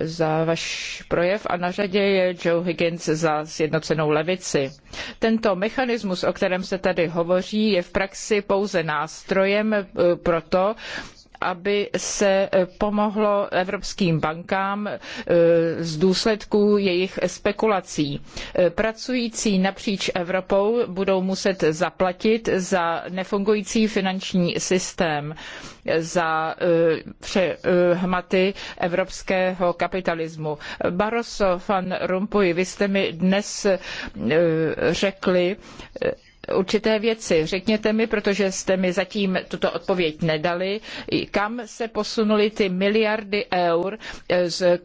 za váš projev a na řadě je Joe Higgins za sjednocenou levici. Tento mechanismus, o kterém se tady hovoří, je v praxi pouze nástrojem e, pro to, aby se eh, pomohlo evropským bankám eh, z důsledků jejich spekulací. Eh, pracující napříč Evropou budou muset zaplatit za nefungující finanční systém, za přehmaty evropského kapitalismu. Barroso van Rompuy, vy jste mi dnes řekli, určité věci. Řekněte mi, protože jste mi zatím tuto odpověď nedali, kam se posunuly ty miliardy eur eh, z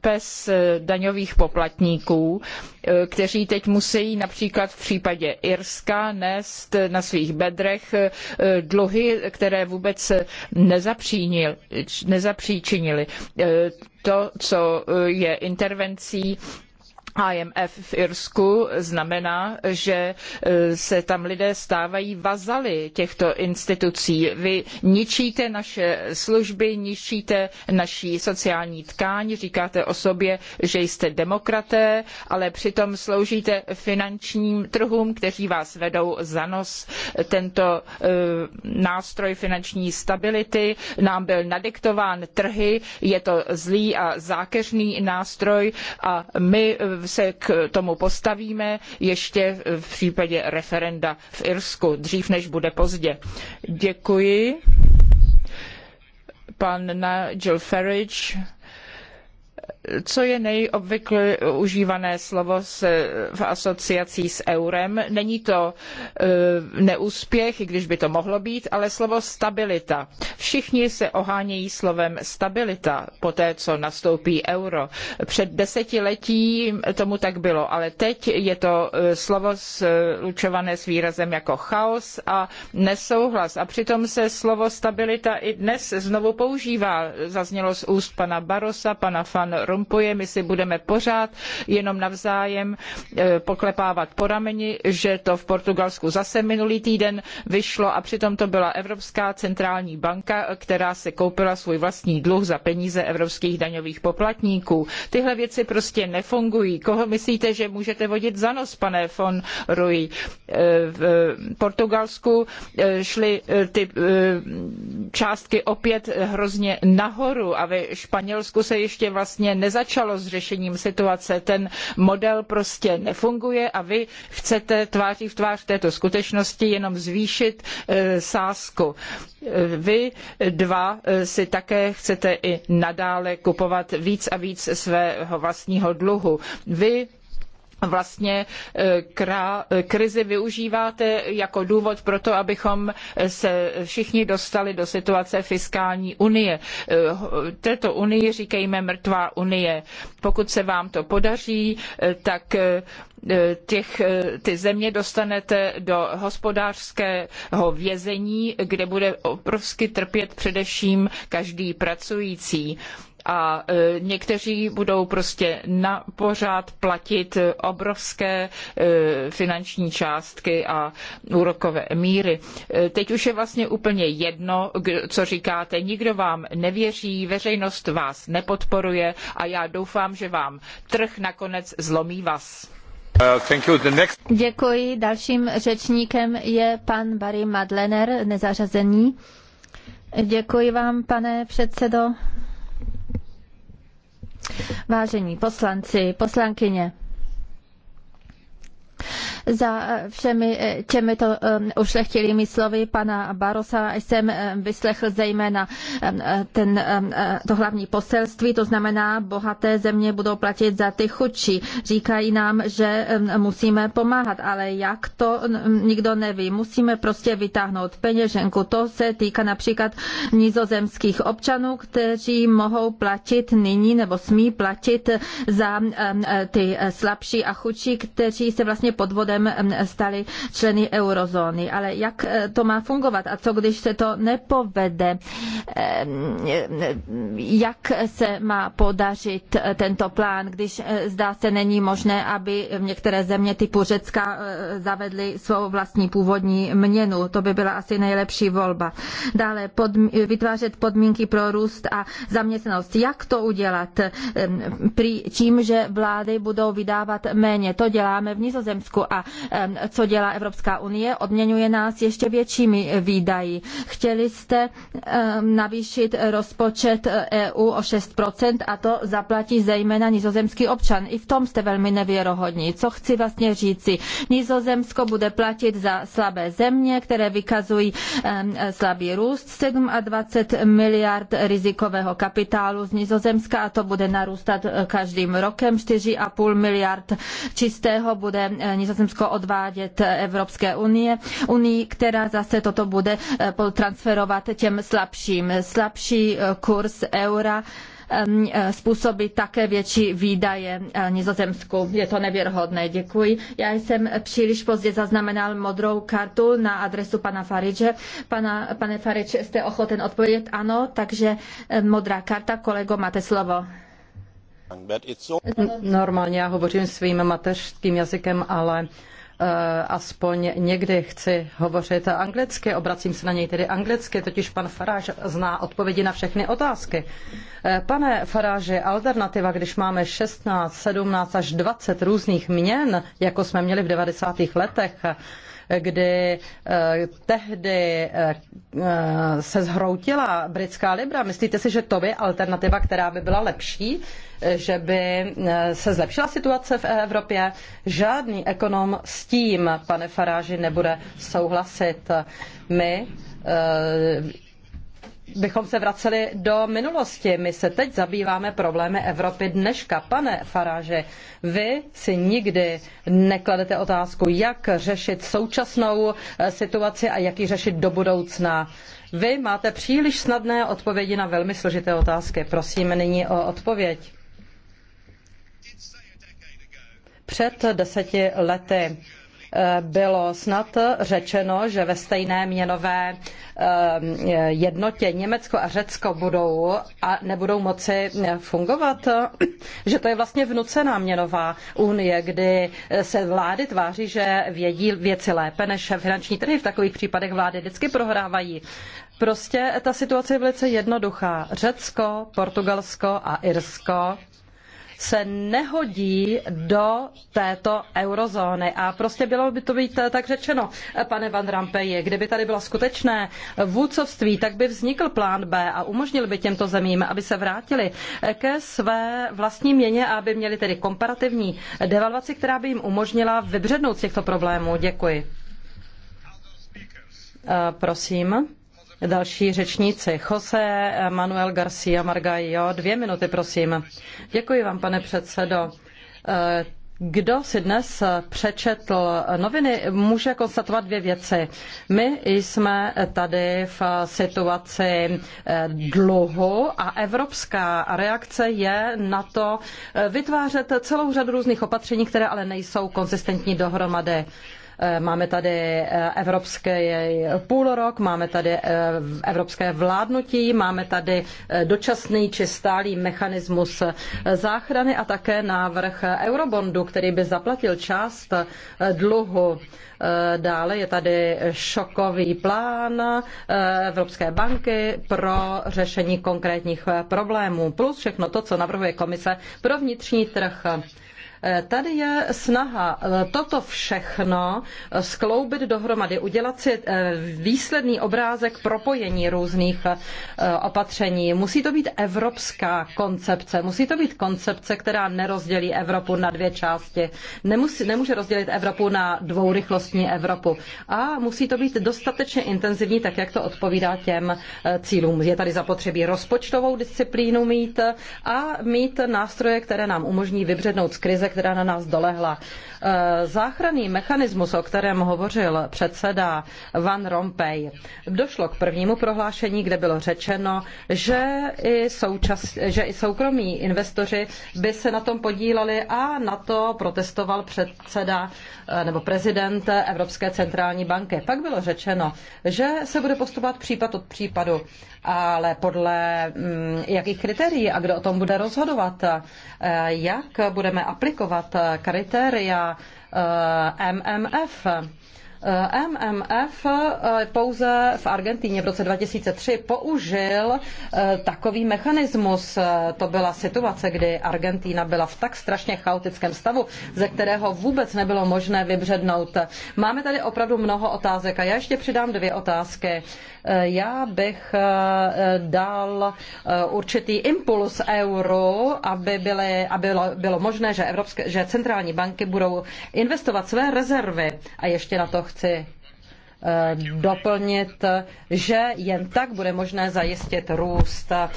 pes daňových poplatníků, eh, kteří teď musí například v případě Irska nést na svých bedrech eh, dluhy, které vůbec nezapříčinili. To, co je intervencí IMF v Irsku znamená, že e, se tam lidé stávají vazaly těchto institucí. Vy ničíte naše služby, ničíte naší sociální tkáň, říkáte o sobě, že jste demokraté, ale přitom sloužíte finančním trhům, kteří vás vedou za nos. Tento e, nástroj finanční stability nám byl nadiktován trhy, je to zlý a zákeřný nástroj a my e, se k tomu postavíme ještě v případě referenda v Irsku, dřív než bude pozdě. Děkuji. Pan Nigel Farage co je nejobvykle užívané slovo v asociaci s eurem. Není to e, neúspěch, i když by to mohlo být, ale slovo stabilita. Všichni se ohánějí slovem stabilita po té, co nastoupí euro. Před desetiletím tomu tak bylo, ale teď je to e, slovo slučované s výrazem jako chaos a nesouhlas. A přitom se slovo stabilita i dnes znovu používá. Zaznělo z úst pana Barosa, pana Van Rompuje, my si budeme pořád jenom navzájem eh, poklepávat po rameni, že to v Portugalsku zase minulý týden vyšlo a přitom to byla Evropská centrální banka, která si koupila svůj vlastní dluh za peníze evropských daňových poplatníků. Tyhle věci prostě nefungují. Koho myslíte, že můžete vodit za nos, pane von Rui? Eh, v Portugalsku eh, šly ty částky opět hrozně nahoru a ve Španělsku se ještě vlastně nezačalo s řešením situace. Ten model prostě nefunguje a vy chcete tváří v tvář této skutečnosti jenom zvýšit eh, sázku. Eh, vy dva eh, si také chcete i nadále kupovat víc a víc svého vlastního dluhu. Vy vlastně eh, eh, krizi využíváte jako důvod pro to, abychom se všichni dostali do situace fiskální unie. Eh, této unii říkejme mrtvá unie. Pokud se vám to podaří, tak těch, ty země dostanete do hospodářského vězení, kde bude obrovsky trpět především každý pracující a e, někteří budou prostě na pořád platit obrovské e, finanční částky a úrokové míry. E, teď už je vlastně úplně jedno, co říkáte. Nikdo vám nevěří, veřejnost vás nepodporuje a já doufám, že vám trh nakonec zlomí vás. Next... Děkuji. Dalším řečníkem je pan Barry Madlener, nezařazený. Děkuji vám, pane předsedo. Vážení poslanci, poslankyně, za eh, všemi eh, těmito ehm, ušlechtilými slovy pana Barosa jsem ehm, vyslechl zejména ehm, eh, ten, to hlavní poselství, to znamená, bohaté země budou platit za ty chudší. Říkají nám, že musíme pomáhat, ale jak to nikdo neví. Musíme prostě vytáhnout peněženku. To se týká například nizozemských občanů, kteří mohou platit nyní nebo smí platit za ty slabší a chudší, kteří se vlastně podvodem stali členy eurozóny. Ale jak e, to má fungovat a co když se to nepovede? Jak se má podařit e, tento plán, když e, zdá se není možné, aby některé země typu Řecka zavedly svou vlastní původní měnu? To by byla asi nejlepší volba. Dále podmi- vytvářet podmínky pro růst a zaměstnanost. Jak to udělat? Prý tím, že vlády budou vydávat méně. To děláme v Nizozemí Slovensku A co dělá Evropská unie? Odměňuje nás ještě většími výdaji. Chtěli jste navýšit rozpočet EU eh, e o 6% a to zaplatí zejména nizozemský občan. I v tom jste velmi nevěrohodní. Co chci vlastně říci? Nizozemsko bude platit za slabé země, které vykazují slabý růst 27 miliard rizikového kapitálu z Nizozemska a to bude narůstat eh, každým rokem. 4,5 miliard čistého bude eh, Nizozemsko odvádět eh, Evropské unie, unii, která zase toto bude eh, transferovat těm slabším. Slabší eh, kurz eura způsobí také větší výdaje Nizozemsku. Je to nevěrhodné, děkuji. Já jsem příliš pozdě zaznamenal modrou kartu na adresu pana Faridže. Pana, pane Faridž, jste ochoten odpovědět? Ano, takže modrá karta, kolego, máte slovo. Normálně já hovořím svým mateřským jazykem, ale eh, aspoň někdy chci hovořit anglicky, obracím se na něj tedy anglicky, totiž pan Faráž zná odpovědi na všechny otázky. Eh, pane Faráži, alternativa, když máme 16, 17 až 20 různých měn, jako jsme měli v 90. letech, kdy eh, tehdy eh, eh, se zhroutila britská libra. Myslíte si, že to by alternativa, která by byla lepší, že by se zlepšila situace v Evropě? Žádný ekonom s tím, pane Faráži, nebude souhlasit. My bychom se vraceli do minulosti. My se teď zabýváme problémy Evropy dneška. Pane Faráže, vy si nikdy nekladete otázku, jak řešit současnou eh, situaci a jak ji řešit do budoucna. Vy máte příliš snadné odpovědi na velmi složité otázky. Prosím nyní o odpověď. Před deseti lety bylo snad řečeno, že ve stejné měnové eh, jednotě Německo a Řecko budou a nebudou moci fungovat, že to je vlastně vnucená měnová unie, kdy se vlády tváří, že vědí věci lépe než finanční trhy. V takových případech vlády vždycky prohrávají. Prostě ta situace je velice jednoduchá. Řecko, Portugalsko a Irsko se nehodí do této eurozóny. A prostě bylo by to být eh, tak řečeno, eh, pane Van Rampeji, kdyby tady bylo skutečné vůdcovství, tak by vznikl plán B a umožnil by těmto zemím, aby se vrátili eh, ke své vlastní měně a aby měli tedy komparativní devalvaci, která by jim umožnila vybřednout z těchto problémů. Děkuji. Prosím další řečníci. Jose Manuel García Margallo, dvě minuty, prosím. Děkuji vám, pane předsedo. Eh, kdo si dnes přečetl noviny, může konstatovat dvě věci. My jsme tady v situaci eh, dluhu a evropská reakce je na to eh, vytvářet celou řadu různých opatření, které ale nejsou konzistentní dohromady. Eh, máme tady eh, evropský půlrok, máme tady eh, evropské vládnutí, máme tady dočasný či stálý mechanismus záchrany a také návrh eurobondu, který by zaplatil část dluhu. Dále je tady šokový plán Evropské banky pro řešení konkrétních problémů, plus všechno to, co navrhuje komise pro vnitřní trh. Tady je snaha eh, toto všechno eh, skloubit dohromady, udělat si eh, výsledný obrázek propojení různých opatření. Musí to být evropská koncepce, musí to být koncepce, která nerozdělí Evropu na dvě části. Nemusí, nemůže rozdělit Evropu na dvourychlostní Evropu. A musí to být dostatečně intenzivní, tak jak to odpovídá těm cílům. Je tady zapotřebí rozpočtovou disciplínu mít a mít nástroje, které nám umožní vybřednout z krize, která na nás dolehla. Eh, záchranný mechanismus, o kterém hovořil předseda Van Rompuy, došlo k prvnímu prohlášení, kde bylo řečeno, že i, součas, že i soukromí investoři by se na tom podíleli a na to protestoval předseda eh, nebo prezident Evropské centrální banky. Pak bylo řečeno, že se bude postupovat případ od případu, ale podle mm, jakých kritérií a kdo o tom bude rozhodovat, eh, jak budeme aplikovat aplikovat eh, kritéria eh, MMF. MMF eh, pouze v Argentíně v roce 2003 použil eh, takový mechanismus. Eh, to byla situace, kdy Argentína byla v tak strašně chaotickém stavu, ze kterého vůbec nebylo možné vybřednout. Máme tady opravdu mnoho otázek a já ještě přidám dvě otázky. Já bych dal určitý impuls euro, aby, byly, aby bylo, bylo možné, že, Evropské, že centrální banky budou investovat své rezervy. A ještě na to chci eh, doplnit, že jen tak bude možné zajistit růst eh,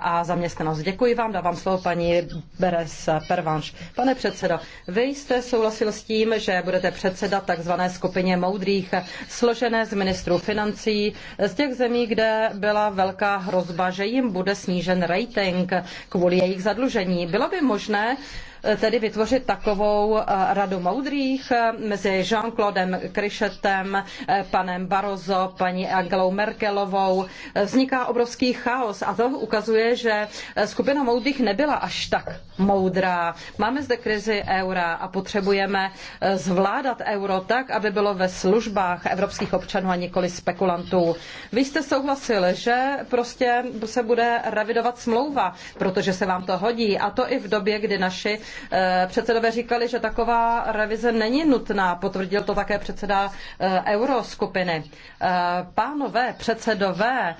a zaměstnanost. Děkuji vám, dávám slovo paní Beres Pervanš. Pane předsedo, vy jste souhlasil s tím, že budete předsedat takzvané skupině moudrých, složené z ministrů financí z těch zemí, kde byla velká hrozba, že jim bude snížen rating kvůli jejich zadlužení. Bylo by možné tedy vytvořit takovou eh, radu moudrých eh, mezi Jean-Claudem Krišetem, eh, panem Barozo, paní Angelou Merkelovou. Vzniká obrovský chaos a to ukazuje, že skupina moudrých nebyla až tak moudrá. Máme zde krizi eura a potřebujeme zvládat euro tak, aby bylo ve službách evropských občanů a nikoli spekulantů. Vy jste souhlasil, že prostě se bude revidovat smlouva, protože se vám to hodí a to i v době, kdy naši Eh, předsedové říkali, že taková revize není nutná, potvrdil to také předseda eh, euroskupiny. Eh, pánové předsedové,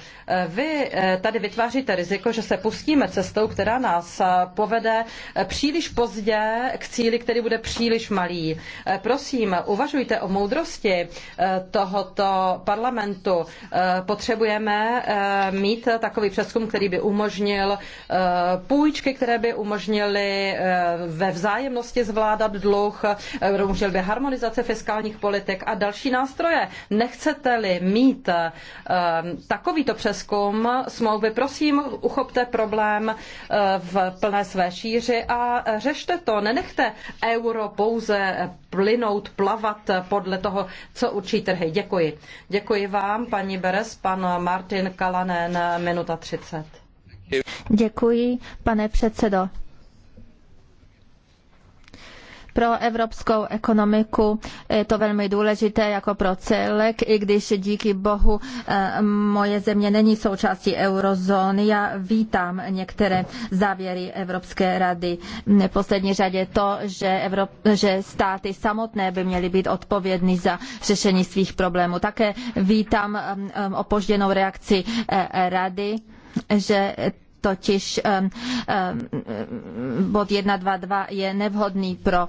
vy tady vytváříte riziko, že se pustíme cestou, která nás povede příliš pozdě k cíli, který bude příliš malý. Prosím, uvažujte o moudrosti tohoto parlamentu. Potřebujeme mít takový přeskum, který by umožnil půjčky, které by umožnily ve vzájemnosti zvládat dluh, bohužel eh, by harmonizace fiskálních politik a další nástroje. Nechcete-li mít eh, takovýto přeskum smlouvy, prosím, uchopte problém eh, v plné své šíři a řešte to. Nenechte euro pouze plynout, plavat podle toho, co učí trhy. Děkuji. Děkuji vám, paní Beres, pan Martin Kalanen, minuta 30. Děkuji, pane předsedo. Pro evropskou ekonomiku je to velmi důležité jako pro celek, i když díky bohu eh, moje země není součástí eurozóny. Já vítám některé závěry Evropské rady. V poslední řadě to, že, Evrop, že státy samotné by měly být odpovědny za řešení svých problémů. Také vítám eh, opožděnou reakci eh, rady že totiž bod 1.2.2 je nevhodný pro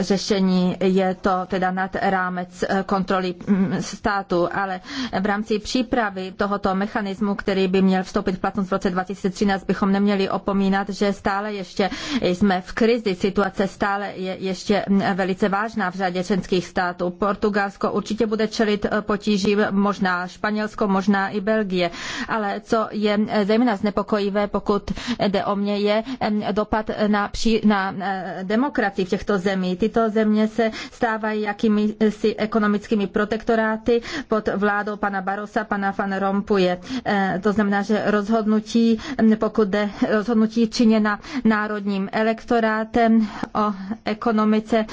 řešení, je to teda nad rámec eh, kontroly mm, státu, ale v rámci přípravy tohoto mechanismu, který by měl vstoupit v platnost v roce 2013, bychom neměli opomínat, že stále ještě jsme v krizi, situace stále je ještě velice vážná v řadě členských států. Portugalsko určitě bude čelit eh, potížím, možná Španělsko, možná i Belgie, ale co je eh, zejména znepokojivé, pokud jde o mě, je dopad na, na eh, demokracii v těchto zemí. Tyto země se stávají jakými si ekonomickými protektoráty pod vládou pana Barosa, pana Van Rompuje. Eh, to znamená, že rozhodnutí, pokud jde rozhodnutí činěna národním elektorátem o ekonomice,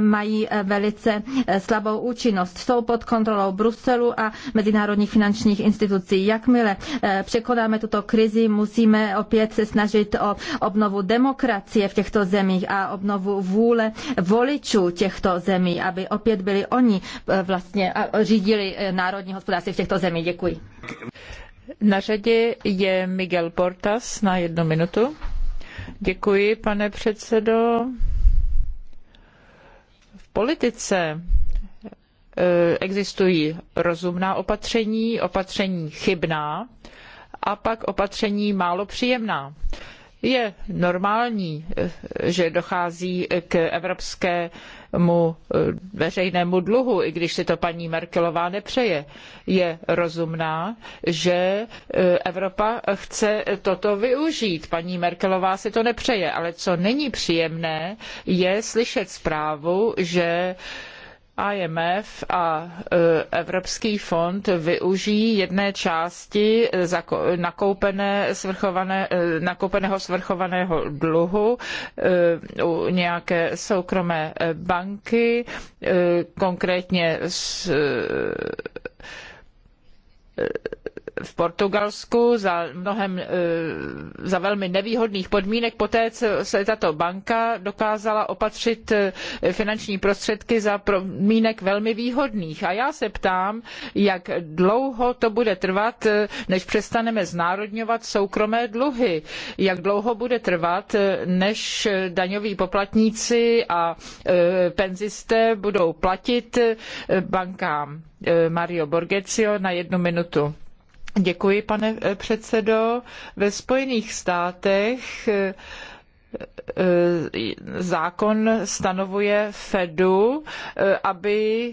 mají eh, velice slabou účinnost. Jsou pod kontrolou Bruselu a mezinárodních finančních institucí. Jakmile překonáme tuto této krizi musíme opět se snažit o obnovu demokracie v těchto zemích a obnovu vůle voličů těchto zemí, aby opět byli oni e, vlastně řídili e, národní hospodářství v těchto zemích. Děkuji. Na řadě je Miguel Portas na jednu minutu. Děkuji, pane předsedo. V politice e, existují rozumná opatření, opatření chybná, a pak opatření málo příjemná. Je normální, že dochází k evropskému veřejnému dluhu, i když si to paní Merkelová nepřeje. Je rozumná, že Evropa chce toto využít. Paní Merkelová si to nepřeje, ale co není příjemné, je slyšet zprávu, že IMF a e, Evropský fond využijí jedné části nakoupené svrchované, e, nakoupeného svrchovaného dluhu e, u nějaké soukromé banky, konkrétně s v Portugalsku za, mnohem, e, za velmi nevýhodných podmínek, poté co se tato banka dokázala opatřit e, finanční prostředky za podmínek velmi výhodných. A já se ptám, jak dlouho to bude trvat, e, než přestaneme znárodňovat soukromé dluhy, jak dlouho bude trvat, než daňoví poplatníci a penzisté budou platit bankám. Mario Borgecio na jednu minutu. Děkuji, pane eh, předsedo. Ve Spojených státech eh, eh, zákon stanovuje Fedu, aby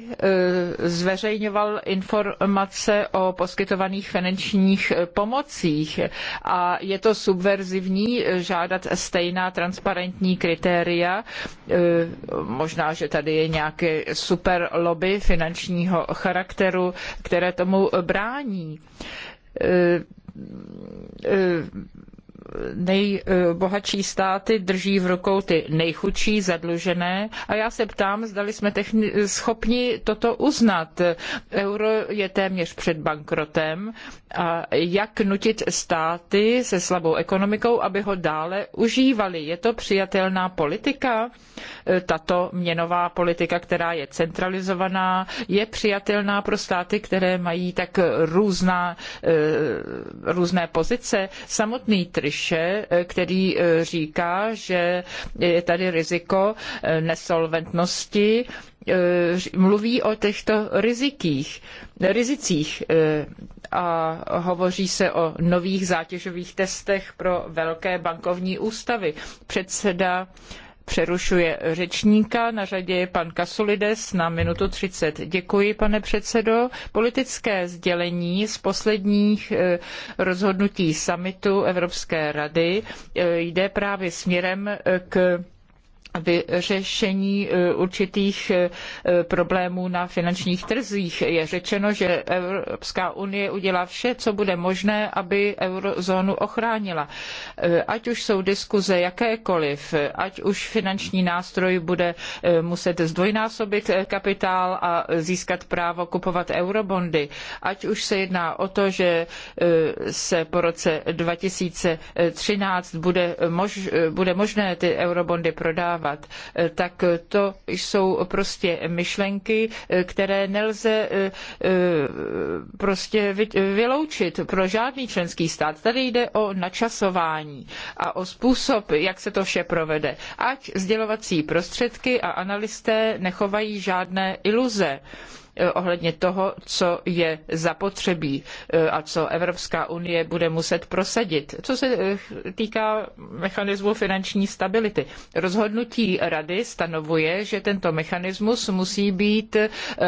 zveřejňoval informace o poskytovaných finančních pomocích a je to subverzivní žádat stejná transparentní kritéria. Možná, že tady je nějaké super lobby finančního charakteru, které tomu brání uh, uh, nejbohatší státy drží v rukou ty nejchudší, zadlužené. A já se ptám, zdali jsme schopni toto uznat. Euro je téměř před bankrotem. A jak nutit státy se slabou ekonomikou, aby ho dále užívali? Je to přijatelná politika? Tato měnová politika, která je centralizovaná, je přijatelná pro státy, které mají tak různá, eh, různé pozice. Samotný trž Babiše, eh, který eh, říká, že je tady riziko eh, nesolventnosti, mluví o těchto rizikých, rizicích a hovoří se o nových zátěžových testech pro velké bankovní ústavy. Předseda přerušuje řečníka. Na řadě je pan Kasulides na minutu 30. Děkuji, pane předsedo. Politické sdělení z posledních eh, rozhodnutí summitu Evropské rady eh, jde právě směrem eh, k vyřešení e, určitých e, problémů na finančních trzích. Je řečeno, že Evropská unie udělá vše, co bude možné, aby eurozónu ochránila. E, ať už jsou diskuze jakékoliv, ať už finanční nástroj bude muset zdvojnásobit kapitál a získat právo kupovat eurobondy, ať už se jedná o to, že se po roce 2013 bude, mož, bude možné ty eurobondy prodávat, vyjednávat, tak to jsou prostě myšlenky, které nelze eh, eh, prostě vyloučit pro žádný členský stát. Tady jde o načasování a o způsob, jak se to vše provede. Ať sdělovací prostředky a analysté nechovají žádné iluze Eh, ohledně toho, co je zapotřebí eh, a co Evropská unie bude muset prosadit. Co se eh, týká mechanismu finanční stability. Rozhodnutí rady stanovuje, že tento mechanismus musí být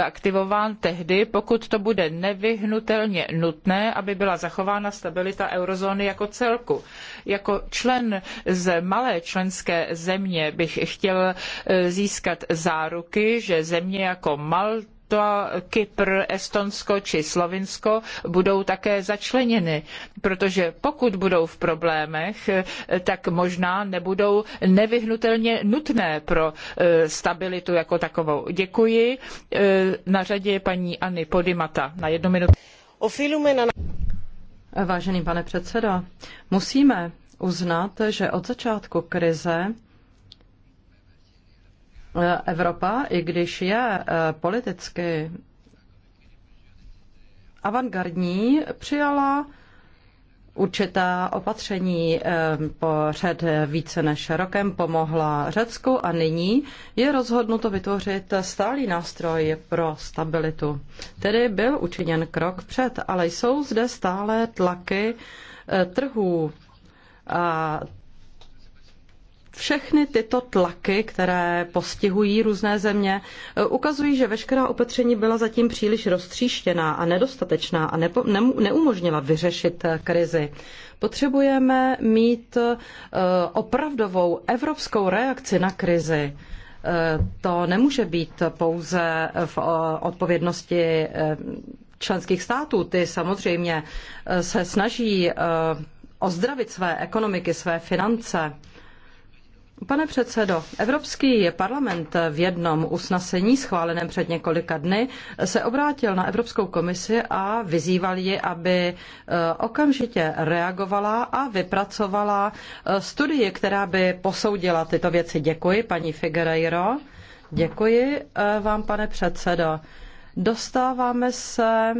aktivován tehdy, pokud to bude nevyhnutelně nutné, aby byla zachována stabilita eurozóny jako celku. Jako člen z malé členské země bych chtěl získat záruky, že země jako Malta, to Kypr, Estonsko či Slovinsko budou také začleněny, protože pokud budou v problémech, eh, tak možná nebudou nevyhnutelně nutné pro eh, stabilitu jako takovou. Děkuji. Eh, na řadě je paní Anny Podimata. Na jednu minutu. Vážený pane předsedo, musíme uznat, že od začátku krize Evropa, i když je eh, politicky avantgardní, přijala určitá opatření eh, po před více než rokem pomohla Řecku a nyní je rozhodnuto vytvořit stálý nástroj pro stabilitu. Tedy byl učiněn krok před, ale jsou zde stále tlaky eh, trhů a všechny tyto tlaky, které postihují různé země, eh, ukazují, že veškerá opatření byla zatím příliš roztříštěná a nedostatečná a nepo, ne, neumožnila vyřešit eh, krizi. Potřebujeme mít eh, opravdovou evropskou reakci na krizi to nemůže být pouze v odpovědnosti členských států. Ty samozřejmě se snaží ozdravit své ekonomiky, své finance. Pane předsedo, Evropský parlament v jednom usnesení schváleném před několika dny se obrátil na Evropskou komisi a vyzýval ji, aby e, okamžitě reagovala a vypracovala e, studii, která by posoudila tyto věci. Děkuji, paní Figueiredo. Děkuji e, vám, pane předsedo. Dostáváme se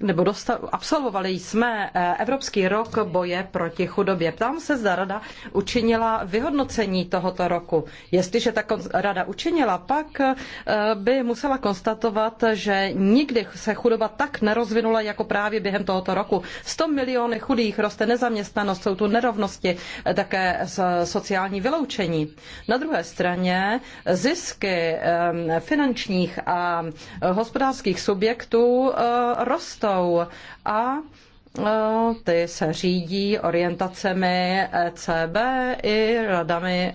nebo absolvovali jsme eh, Evropský rok boje proti chudobě. Ptám se, zda rada učinila vyhodnocení tohoto roku. Jestliže ta rada učinila, pak eh, by musela konstatovat, že nikdy se chudoba tak nerozvinula jako právě během tohoto roku. 100 miliony chudých roste nezaměstnanost, jsou tu nerovnosti, eh, také sociální vyloučení. Na druhé straně zisky finančních a hospodářských subjektů rostou jsou a e, ty se řídí orientacemi ECB i radami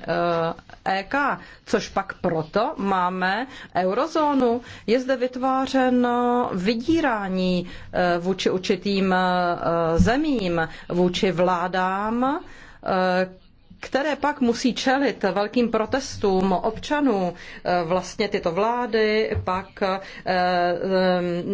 EK, e což pak proto máme eurozónu. Je zde vytvářeno vydírání e, vůči určitým zemím, vůči vládám, které pak musí čelit velkým protestům občanů. E, vlastně tyto vlády pak e, e,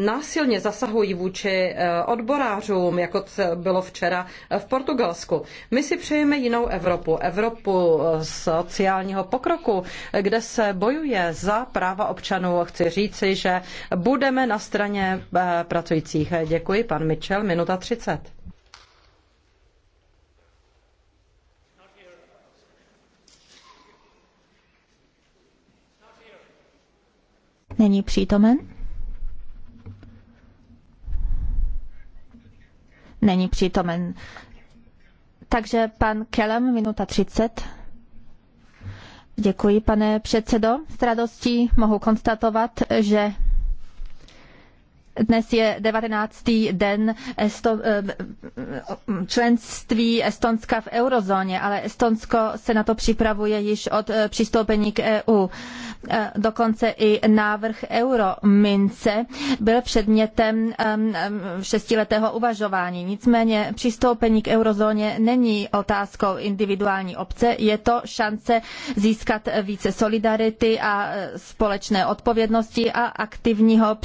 násilně zasahují vůči odborářům, jako to bylo včera v Portugalsku. My si přejeme jinou Evropu, Evropu sociálního pokroku, kde se bojuje za práva občanů. Chci říci, že budeme na straně pracujících. Děkuji, pan Mitchell, minuta 30. není přítomen? Není přítomen. Takže pan Kelem, minuta 30. Děkuji, pane předsedo. S radostí mohu konstatovat, že dnes je 19. den eh, členství Estonska v eurozóně, ale Estonsko se na to připravuje již od eh, přistoupení k EU. Eh, dokonce i návrh euromince byl předmětem ehm, ehm, šestiletého uvažování. Nicméně přistoupení k eurozóně není otázkou individuální obce, je to šance získat více solidarity a společné odpovědnosti a aktivního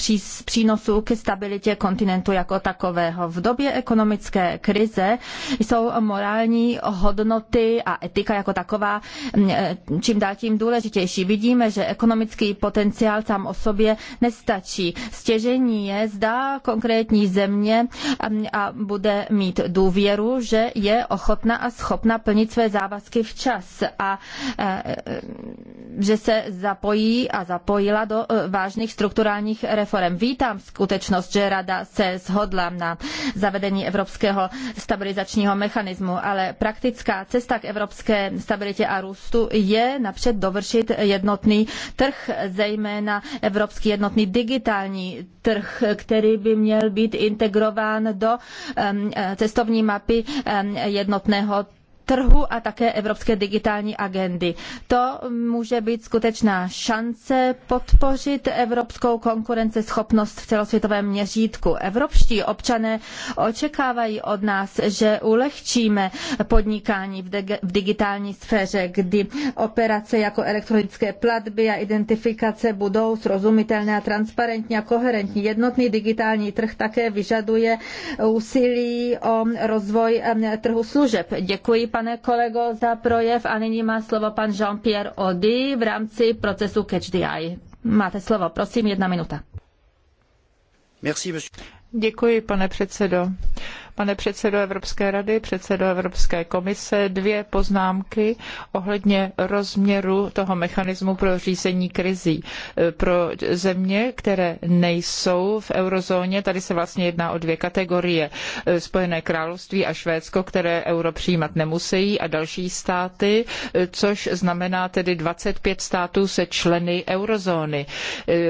přínosu přínosu ke stabilitě kontinentu jako takového. V době ekonomické krize jsou morální hodnoty a etika jako taková mm, e, čím dál tím důležitější. Vidíme, že ekonomický potenciál sám o sobě nestačí. Stěžení je, zda konkrétní země mm, a bude mít důvěru, že je ochotna a schopna plnit své závazky včas a e, e, že se zapojí a zapojila do vážných strukturálních reform. Vítám skutečně skutečnost, že Rada se shodla na zavedení Evropského stabilizačního mechanismu, ale praktická cesta k evropské stabilitě a růstu je napřed dovršit jednotný trh, zejména evropský jednotný digitální trh, který by měl být integrován do um, cestovní mapy um, jednotného trhu a také Evropské digitální agendy. To může být skutečná šance podpořit evropskou konkurenceschopnost v celosvětovém měřítku. Evropští občané očekávají od nás, že ulehčíme podnikání v digitální sféře, kdy operace jako elektronické platby a identifikace budou srozumitelné a transparentní a koherentní. Jednotný digitální trh také vyžaduje úsilí o rozvoj trhu služeb. Děkuji pane kolego, za projev a nyní má slovo pan Jean-Pierre Ody v rámci procesu Catch the Eye. Máte slovo, prosím, jedna minuta. Merci, Děkuji, pane předsedo. Pane předsedo Evropské rady, předsedo Evropské komise, dvě poznámky ohledně rozměru toho mechanismu pro řízení krizí. E, pro země, které nejsou v eurozóně, tady se vlastně jedná o dvě kategorie. E, Spojené království a Švédsko, které euro přijímat nemusí a další státy, e, což znamená tedy 25 států se členy eurozóny.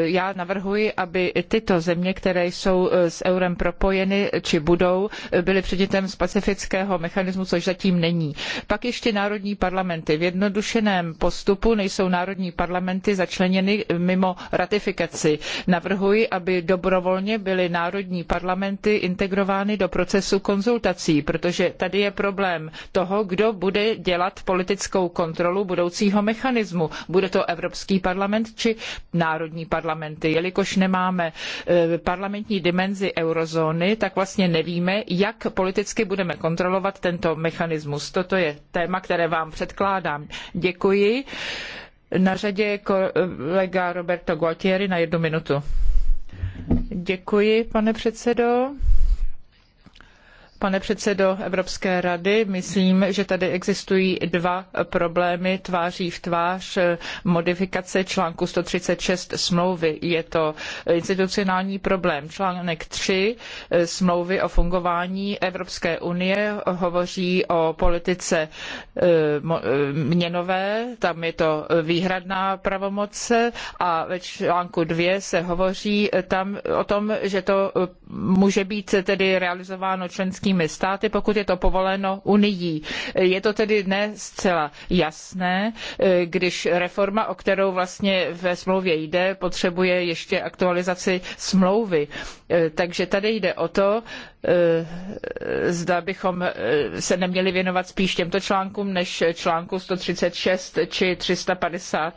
Já navrhuji, aby tyto země, které jsou s eurem propojeny či budou, byly předmětem specifického mechanismu, což zatím není. Pak ještě národní parlamenty. V jednodušeném postupu nejsou národní parlamenty začleněny mimo ratifikaci. Navrhuji, aby dobrovolně byly národní parlamenty integrovány do procesu konzultací, protože tady je problém toho, kdo bude dělat politickou kontrolu budoucího mechanismu. Bude to Evropský parlament či národní parlamenty. Jelikož nemáme eh, parlamentní dimenzi eurozóny, tak vlastně nevíme, jak jak politicky budeme kontrolovat tento mechanismus. Toto je téma, které vám předkládám. Děkuji. Na řadě je kolega Roberto Gualtieri na jednu minutu. Děkuji, pane předsedo. Pane předsedo Evropské rady, myslím, že tady existují dva problémy tváří v tvář modifikace článku 136 smlouvy. Je to institucionální problém. Článek 3 smlouvy o fungování Evropské unie hovoří o politice eh, eh, měnové, tam je to výhradná pravomoce a ve článku 2 se hovoří tam o tom, že to může být tedy realizováno členským členskými státy, pokud je to povoleno Unií. Je to tedy ne zcela jasné, eh, když reforma, o kterou vlastně ve smlouvě jde, potřebuje ještě aktualizaci smlouvy. Eh, takže tady jde o to, eh, zda bychom se neměli věnovat spíš těmto článkům než článku 136 či 350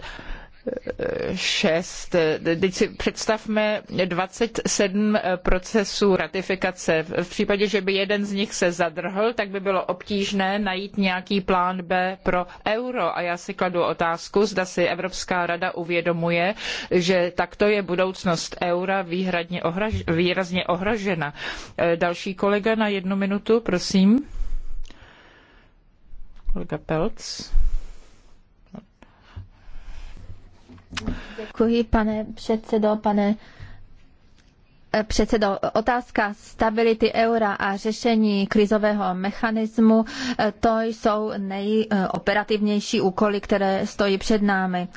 šest. Teď si představme 27 procesů ratifikace. V případě, že by jeden z nich se zadrhl, tak by bylo obtížné najít nějaký plán B pro euro. A já si kladu otázku, zda si Evropská rada uvědomuje, že takto je budoucnost eura ohraž, výrazně ohrožena. Další kolega na jednu minutu, prosím. Kolega Pelc. Děkuji, pane předsedo, pane eh, předsedo, otázka stability eura a řešení krizového mechanismu, eh, to jsou nejoperativnější úkoly, které stojí před námi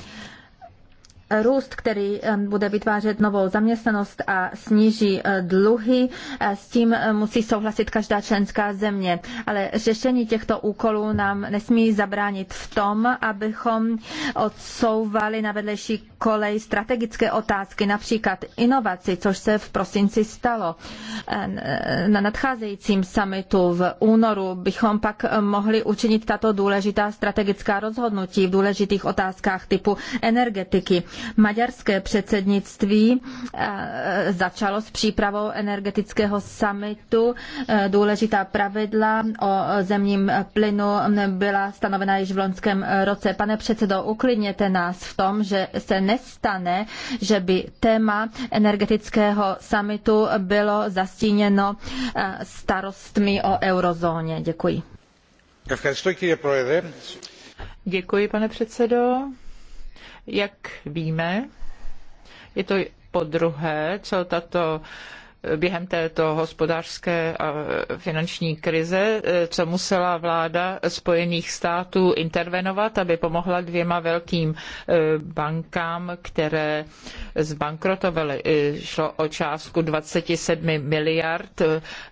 růst, který bude vytvářet novou zaměstnanost a sníží e, dluhy, e, s tím e, musí souhlasit každá členská země. Ale řešení těchto úkolů nám nesmí zabránit v tom, abychom odsouvali na vedlejší kolej strategické otázky, například inovaci, což se v prosinci stalo. Na nadcházejícím summitu v únoru bychom pak mohli učinit tato důležitá strategická rozhodnutí v důležitých otázkách typu energetiky. Maďarské předsednictví eh, začalo s přípravou energetického summitu. Eh, důležitá pravidla o zemním plynu byla stanovena již v loňském roce. Pane předsedo, uklidněte nás v tom, že se nestane, že by téma energetického summitu bylo zastíněno eh, starostmi o eurozóně. Děkuji. Děkuji, pane předsedo. Jak víme, je to po druhé, co tato během této hospodářské a finanční krize, eh, co musela vláda Spojených států intervenovat, aby pomohla dvěma velkým eh, bankám, které zbankrotovaly. Eh, šlo o částku 27 miliard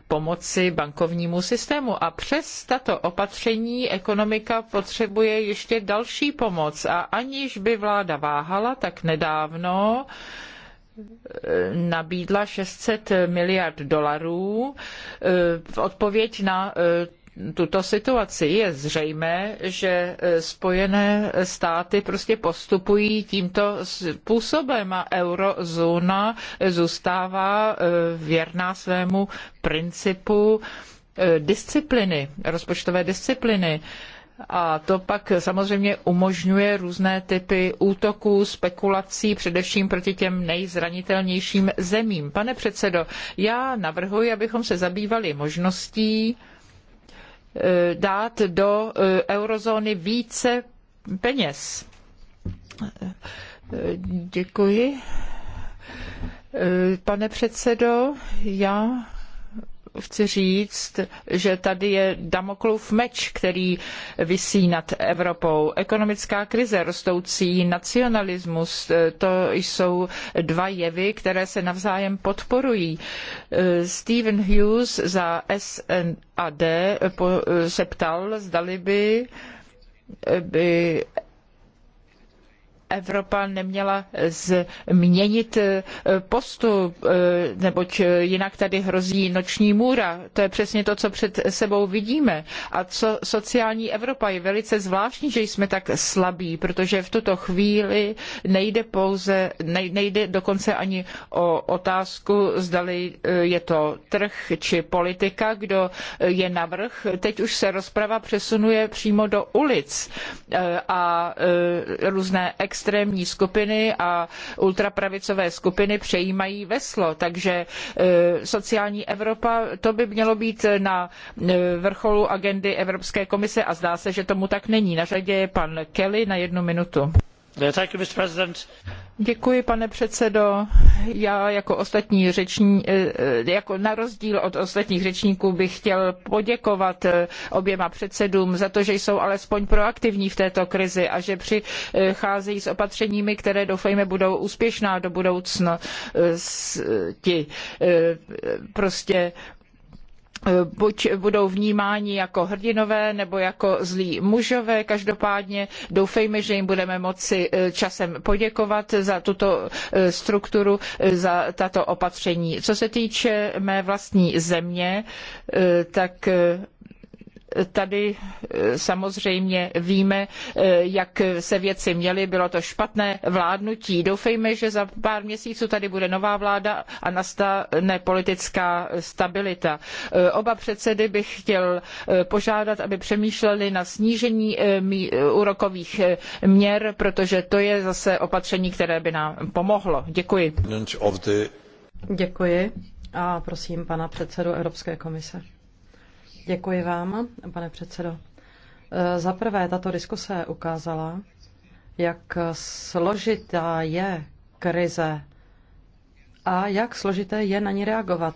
pomoci bankovnímu systému. A přes tato opatření ekonomika potřebuje ještě další pomoc. A aniž by vláda váhala, tak nedávno nabídla 600 miliard dolarů eh, v odpověď na eh, tuto situaci. Je zřejmé, že eh, Spojené státy prostě postupují tímto způsobem a eurozóna zůstává věrná svému principu disciplíny, rozpočtové disciplíny. A to pak samozřejmě umožňuje různé typy útoků, spekulací, především proti těm nejzranitelnějším zemím. Pane předsedo, já navrhuji, abychom se zabývali možností eh, dát do eh, eurozóny více peněz. Eh, děkuji. Pane předsedo, já chci říct, že tady je Damoklův meč, který visí nad Evropou. Ekonomická krize, rostoucí nacionalismus, e, to jsou dva jevy, které se navzájem podporují. E, Stephen Hughes za SNAD e, se ptal, zdali by by Evropa neměla změnit eh, postup, eh, neboť eh, jinak tady hrozí noční můra. To je přesně to, co před sebou vidíme. A co sociální Evropa je velice zvláštní, že jsme tak slabí, protože v tuto chvíli nejde pouze, nejde dokonce ani o otázku, zdali je to trh či politika, kdo je navrh. Teď už se rozprava přesunuje přímo do ulic a různé ex extrémní skupiny a ultrapravicové skupiny přejímají veslo. Takže e, sociální Evropa, to by mělo být na e, vrcholu agendy Evropské komise a zdá se, že tomu tak není. Na řadě je pan Kelly na jednu minutu. Děkuji, pane předsedo. Já jako ostatní eh, eh, jako na rozdíl od ostatních řečníků bych chtěl poděkovat eh, oběma předsedům za to, že jsou alespoň proaktivní v této krizi a že přicházejí s opatřeními, které doufejme budou úspěšná do budoucna. Ti prostě Eh, buď budou vnímáni jako hrdinové nebo jako zlí mužové. Každopádně doufejme, že jim budeme moci eh, časem poděkovat za tuto eh, strukturu, za tato opatření. Co se týče mé vlastní země, tak tady eh, samozřejmě víme, eh, jak se věci měly, bylo to špatné vládnutí. Doufejme, že za pár měsíců tady bude nová vláda a nastane politická stabilita. Eh, oba předsedy bych chtěl požádat, aby přemýšleli na snížení úrokových měr, protože to je zase opatření, které by nám pomohlo. Děkuji. Děkuji. A prosím pana předsedu Evropské komise. Děkuji vám, pane předsedo. E, za prvé, tato diskuse ukázala, jak složitá je krize a jak složité je na ní reagovat.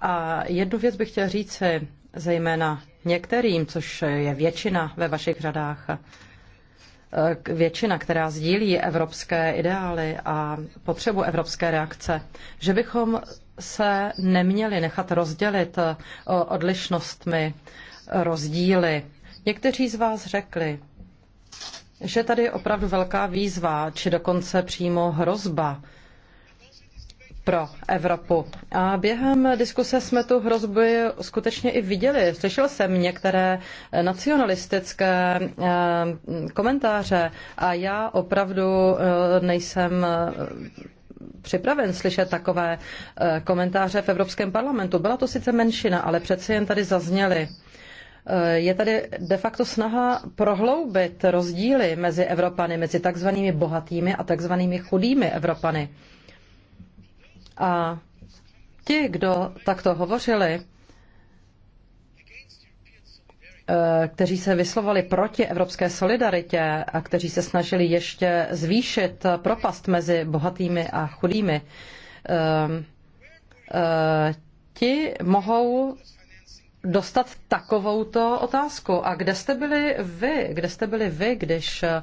A jednu věc bych chtěl říci, zejména některým, což je většina ve vašich řadách, e, většina, která sdílí evropské ideály a potřebu evropské reakce, že bychom se neměli nechat rozdělit eh, odlišnostmi, rozdíly. Někteří z vás řekli, že tady je opravdu velká výzva, či dokonce přímo hrozba pro Evropu. A během diskuse jsme tu hrozbu skutečně i viděli. Slyšel jsem některé nacionalistické eh, komentáře a já opravdu eh, nejsem připraven slyšet takové eh, komentáře v Evropském parlamentu. Byla to sice menšina, ale přece jen tady zazněly. Eh, je tady de facto snaha prohloubit rozdíly mezi Evropany, mezi takzvanými bohatými a takzvanými chudými Evropany. A ti, kdo takto hovořili, Eh, kteří se vyslovali proti evropské solidaritě a kteří se snažili ještě zvýšit propast mezi bohatými a chudými, ehm, eh, ti mohou dostat takovouto otázku. A kde jste byli vy? Kde jste byli vy, když eh,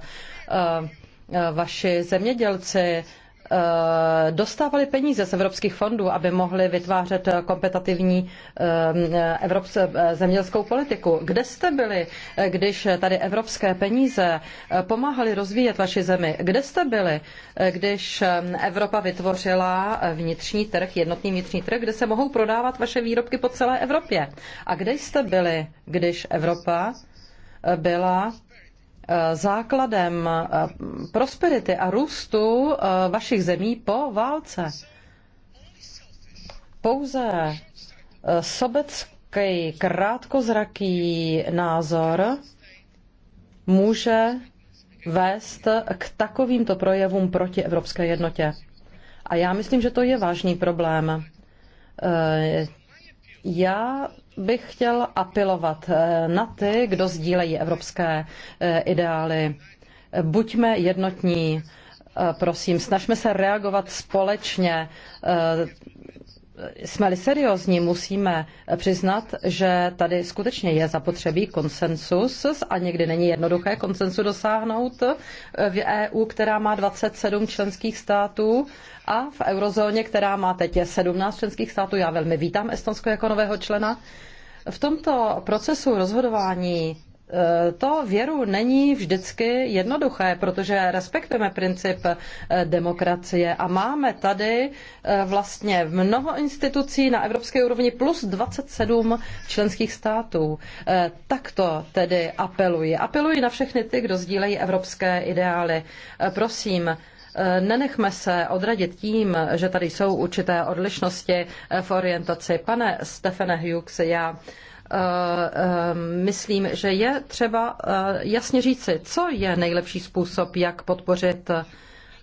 vaši zemědělci Eh, dostávali peníze z evropských fondů, aby mohli vytvářet kompetitivní eh, evropské eh, zemědělskou politiku. Kde jste byli, když tady evropské peníze pomáhaly rozvíjet vaši zemi? Kde jste byli, když Evropa vytvořila vnitřní trh, jednotný vnitřní trh, kde se mohou prodávat vaše výrobky po celé Evropě? A kde jste byli, když Evropa byla základem eh, prosperity a růstu eh, vašich zemí po válce. Pouze eh, sobecký krátkozraký názor může vést k takovýmto projevům proti evropské jednotě. A já myslím, že to je vážný problém. Já bych chtěl apelovat eh, na ty, kdo sdílejí evropské eh, ideály. Buďme jednotní, eh, prosím, snažme se reagovat společně. Jsme-li seriózní, musíme přiznat, že tady skutečně je zapotřebí konsensus a někdy není jednoduché konsensu dosáhnout v EU, která má 27 členských států a v eurozóně, která má teď 17 členských států. Já velmi vítám Estonsko jako nového člena. V tomto procesu rozhodování eh, to věru není vždycky jednoduché, protože respektujeme princip eh, demokracie a máme tady eh, vlastně mnoho institucí na evropské úrovni plus 27 členských států. Takto tedy apeluji. Apeluji na všechny ty, kdo sdílejí evropské ideály. Prosím, Eh, nenechme se odradit tím, že tady jsou určité odlišnosti eh, v orientaci. Pane Stefane Hughes, já eh, myslím, že je třeba jasně říci, co je nejlepší způsob, jak podpořit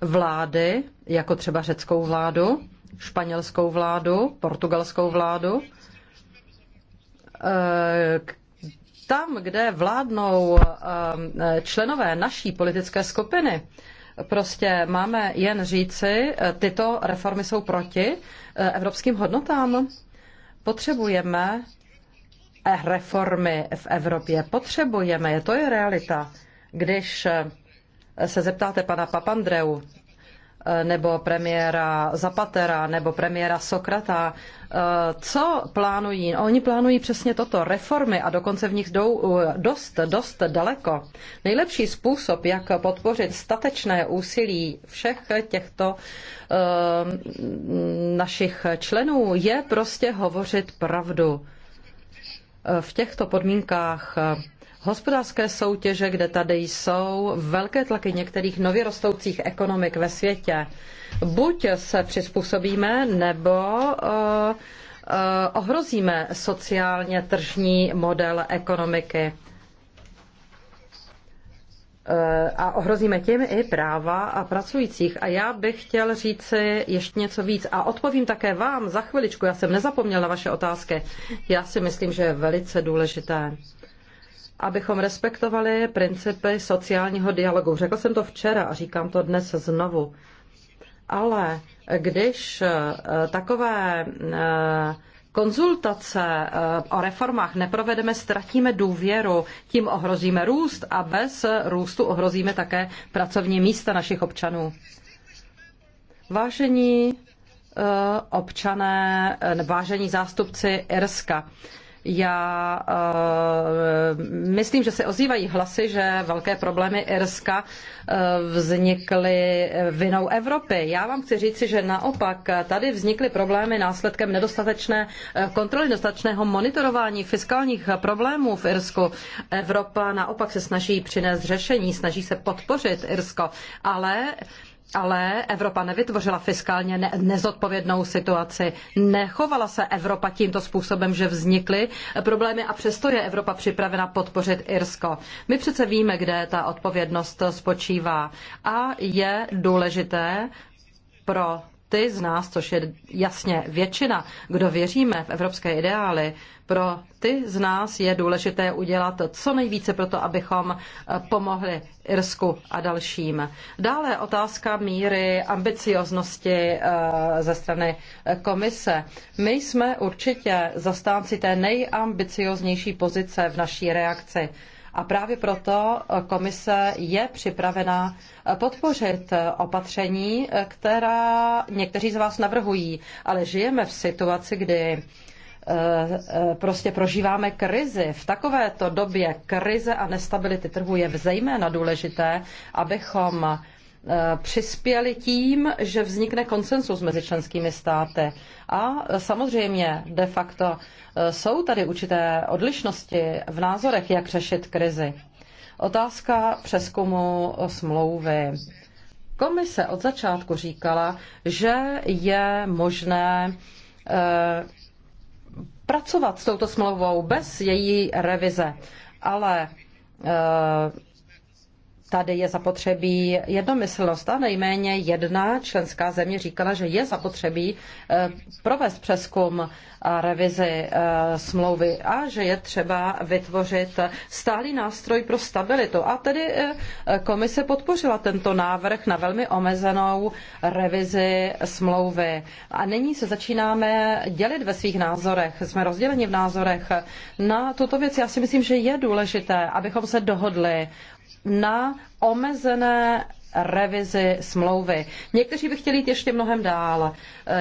vlády, jako třeba řeckou vládu, španělskou vládu, portugalskou vládu, tam, kde vládnou členové naší politické skupiny, Prostě máme jen říci, eh, tyto reformy jsou proti eh, evropským hodnotám. Potřebujeme eh, reformy v Evropě. Potřebujeme je, to je realita. Když se zeptáte pana Papandreu, nebo premiéra Zapatera nebo premiéra Sokrata. Eh, co plánují? Oni plánují přesně toto, reformy a dokonce v nich jdou eh, dost, dost daleko. Nejlepší způsob, jak podpořit statečné úsilí všech těchto eh, našich členů, je prostě hovořit pravdu. V těchto podmínkách hospodářské soutěže, kde tady jsou velké tlaky některých nově rostoucích ekonomik ve světě. Buď se přizpůsobíme, nebo eh, eh, ohrozíme sociálně tržní model ekonomiky eh, a ohrozíme tím i práva a pracujících. A já bych chtěl říci ještě něco víc a odpovím také vám za chviličku. Já jsem nezapomněl na vaše otázky. Já si myslím, že je velice důležité abychom respektovali principy sociálního dialogu. Řekl jsem to včera a říkám to dnes znovu. Ale když eh, takové eh, konzultace eh, o reformách neprovedeme, ztratíme důvěru, tím ohrozíme růst a bez růstu ohrozíme také pracovní místa našich občanů. Vážení občané, vážení zástupci Irska, já eh, myslím, že se ozývají hlasy, že velké problémy Irska eh, vznikly vinou Evropy. Já vám chci říci, že naopak tady vznikly problémy následkem nedostatečné eh, kontroly, nedostatečného monitorování fiskálních problémů v Irsku. Evropa naopak se snaží přinést řešení, snaží se podpořit Irsko, ale ale Evropa nevytvořila fiskálně ne- nezodpovědnou situaci. Nechovala se Evropa tímto způsobem, že vznikly problémy a přesto je Evropa připravena podpořit Irsko. My přece víme, kde ta odpovědnost spočívá a je důležité pro ty z nás, což je jasně většina, kdo věříme v evropské ideály, pro ty z nás je důležité udělat co nejvíce pro to, abychom eh, pomohli Irsku a dalším. Dále otázka míry ambicioznosti eh, ze strany eh, komise. My jsme určitě zastánci té nejambicioznější pozice v naší reakci. A právě proto komise je připravena podpořit opatření, která někteří z vás navrhují. Ale žijeme v situaci, kdy eh, eh, prostě prožíváme krizi. V takovéto době krize a nestability trhu je zejména důležité, abychom Eh, přispěli tím, že vznikne konsensus mezi členskými státy. A samozřejmě de facto eh, jsou tady určité odlišnosti v názorech, jak řešit krizi. Otázka přeskumu smlouvy. Komise od začátku říkala, že je možné eh, pracovat s touto smlouvou bez její revize. Ale Tady je zapotřebí jednomyslnost a nejméně jedna členská země říkala, že je zapotřebí eh, provést přeskum a revizi eh, smlouvy a že je třeba vytvořit stálý nástroj pro stabilitu. A tedy eh, komise podpořila tento návrh na velmi omezenou revizi smlouvy. A nyní se začínáme dělit ve svých názorech. Jsme rozděleni v názorech na tuto věc. Já si myslím, že je důležité, abychom se dohodli na omezené revizi smlouvy. Někteří by chtěli jít ještě mnohem dál,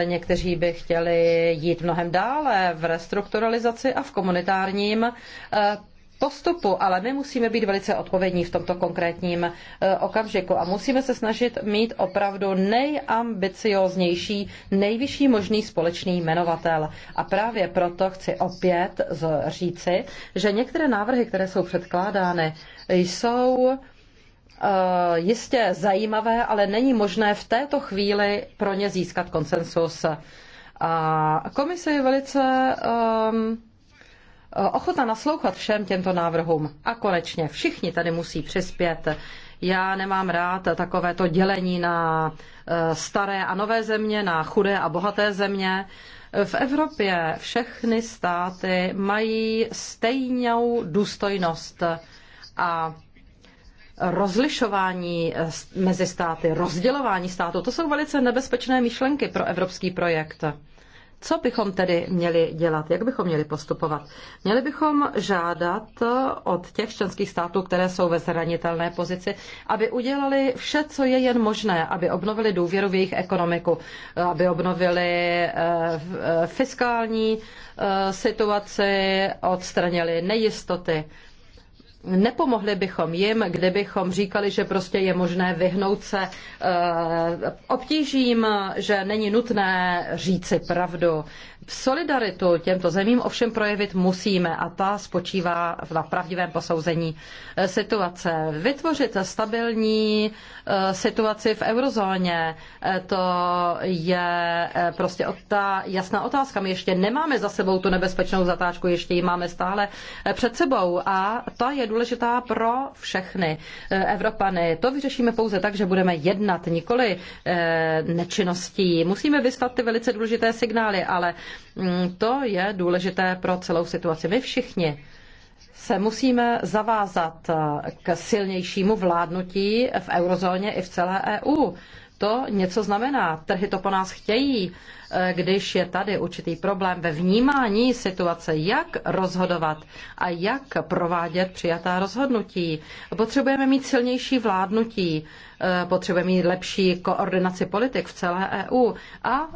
eh, někteří by chtěli jít mnohem dále v restrukturalizaci a v komunitárním eh, postupu, ale my musíme být velice odpovědní v tomto konkrétním eh, okamžiku a musíme se snažit mít opravdu nejambicioznější, nejvyšší možný společný jmenovatel. A právě proto chci opět říci, že některé návrhy, které jsou předkládány, jsou eh, jistě zajímavé, ale není možné v této chvíli pro ně získat konsensus. A komise je velice um, ochota naslouchat všem těmto návrhům. A konečně všichni tady musí přispět. Já nemám rád takovéto dělení na eh, staré a nové země, na chudé a bohaté země. V Evropě všechny státy mají stejnou důstojnost a rozlišování eh, mezi státy, rozdělování států, to jsou velice nebezpečné myšlenky pro evropský projekt. Co bychom tedy měli dělat? Jak bychom měli postupovat? Měli bychom žádat od těch členských států, které jsou ve zranitelné pozici, aby udělali vše, co je jen možné, aby obnovili důvěru v jejich ekonomiku, aby obnovili eh, eh, fiskální eh, situaci, odstranili nejistoty Nepomohli bychom jim, kdybychom říkali, že prostě je možné vyhnout se eh, obtížím, že není nutné říci pravdu. Solidaritu těmto zemím ovšem projevit musíme a ta spočívá na pravdivém posouzení eh, situace. Vytvořit stabilní eh, situaci v eurozóně, to je prostě ta jasná otázka. My ještě nemáme za sebou tu nebezpečnou zatáčku, ještě ji máme stále před sebou a ta je důležitá důležitá pro všechny eh, Evropany. To vyřešíme pouze tak, že budeme jednat, nikoli eh, nečinností. Musíme vyslat ty velice důležité signály, ale mm, to je důležité pro celou situaci. My všichni se musíme zavázat eh, k silnějšímu vládnutí v eurozóně i v celé EU. To něco znamená. Trhy to po nás chtějí, eh, když je tady určitý problém ve vnímání situace, jak rozhodovat a jak provádět přijatá rozhodnutí. Potřebujeme mít silnější vládnutí, eh, potřebujeme mít lepší koordinaci politik v celé EU a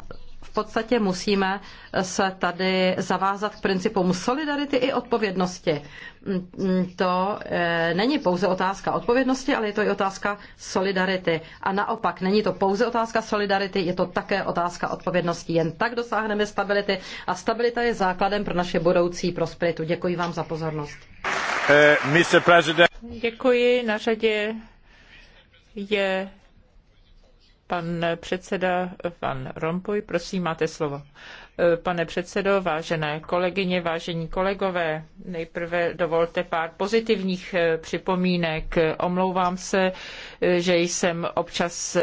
v podstatě musíme se tady zavázat k principům solidarity i odpovědnosti. To eh, není pouze otázka odpovědnosti, ale je to i otázka solidarity. A naopak, není to pouze otázka solidarity, je to také otázka odpovědnosti. Jen tak dosáhneme stability a stabilita je základem pro naše budoucí prosperitu. Děkuji vám za pozornost. Eh, Děkuji. Na řadě je Pan předseda Van Rompuy, prosím, máte slovo. Eh, pane předsedo, vážené kolegyně, vážení kolegové, nejprve dovolte pár pozitivních eh, připomínek. Omlouvám se, eh, že jsem občas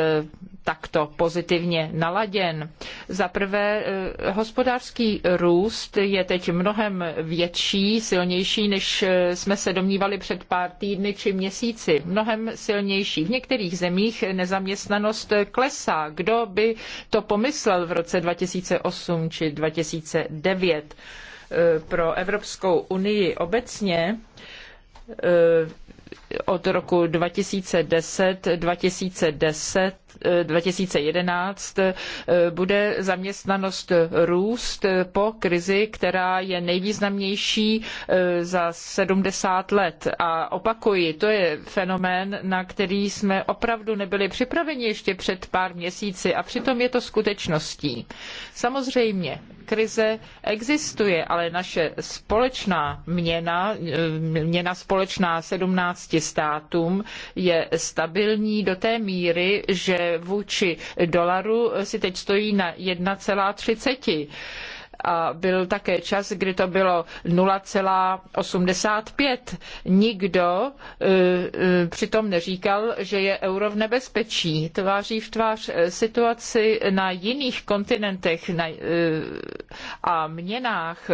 takto pozitivně naladěn. Za prvé, eh, hospodářský růst je teď mnohem větší, silnější, než eh, jsme se domnívali před pár týdny či měsíci. Mnohem silnější. V některých zemích nezaměstnanost klesá. Kdo by to pomyslel v roce 2008 či 2009? Eh, pro Evropskou unii obecně od roku 2010-2010 2011 eh, bude zaměstnanost růst po krizi, která je nejvýznamnější eh, za 70 let. A opakuji, to je fenomén, na který jsme opravdu nebyli připraveni ještě před pár měsíci a přitom je to skutečností. Samozřejmě, krize existuje, ale naše společná měna, eh, měna společná 17 proti státům je stabilní do té míry, že vůči dolaru si teď stojí na 1,30 a byl také čas, kdy to bylo 0,85. Nikdo eh, eh, přitom neříkal, že je euro v nebezpečí. Tváří v tvář eh, situaci na jiných kontinentech a měnách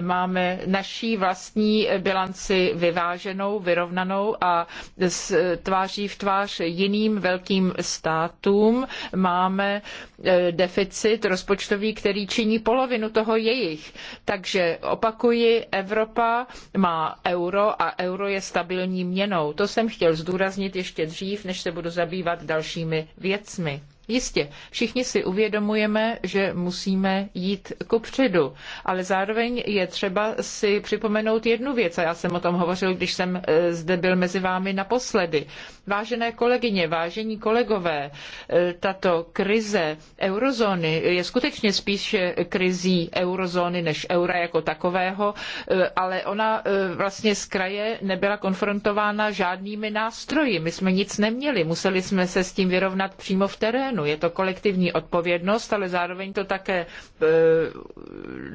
máme naší vlastní bilanci vyváženou, vyrovnanou a tváří v tvář jiným velkým státům máme deficit rozpočtový, který činí polovinu toho jejich. Takže opakuji, Evropa má euro a euro je stabilní měnou. To jsem chtěl zdůraznit ještě dřív, než se budu zabývat dalšími věcmi. Jistě, všichni si uvědomujeme, že musíme jít předu, ale zároveň je třeba si připomenout jednu věc, a já jsem o tom hovořil, když jsem e, zde byl mezi vámi naposledy. Vážené kolegyně, vážení kolegové, e, tato krize eurozóny je skutečně spíše krizí eurozóny než eura jako takového, e, ale ona vlastně z kraje nebyla konfrontována žádnými nástroji. My jsme nic neměli, museli jsme se s tím vyrovnat přímo v terénu ženu. Je to kolektivní odpovědnost, ale zároveň to také e,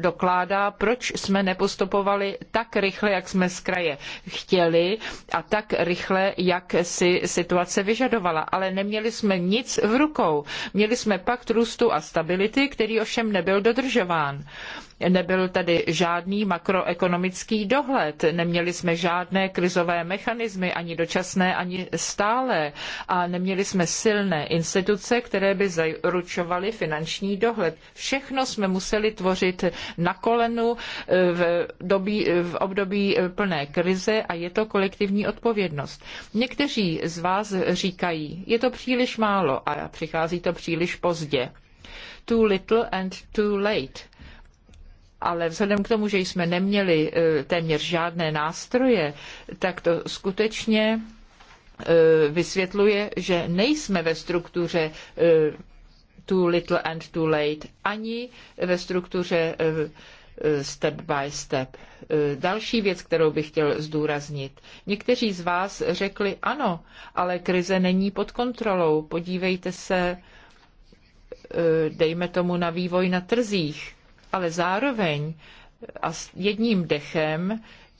dokládá, proč jsme nepostupovali tak rychle, jak jsme z kraje chtěli a tak rychle, jak si situace vyžadovala. Ale neměli jsme nic v rukou. Měli jsme pakt růstu a stability, který ovšem nebyl dodržován. Nebyl tady žádný makroekonomický dohled, neměli jsme žádné krizové mechanismy, ani dočasné, ani stále a neměli jsme silné instituce, které by zaručovaly finanční dohled. Všechno jsme museli tvořit na kolenu eh, v, dobí, eh, v období eh, plné krize a je to kolektivní odpovědnost. Někteří z vás říkají, je to příliš málo a přichází to příliš pozdě. Too little and too late ale vzhledem k tomu, že jsme neměli e, téměř žádné nástroje, tak to skutečně e, vysvětluje, že nejsme ve struktuře e, too little and too late, ani ve struktuře step by step. Další věc, kterou bych chtěl zdůraznit. Někteří z vás řekli ano, ale krize není pod kontrolou. Podívejte se, dejme tomu, na vývoj na trzích ale zároveň a s jedním dechem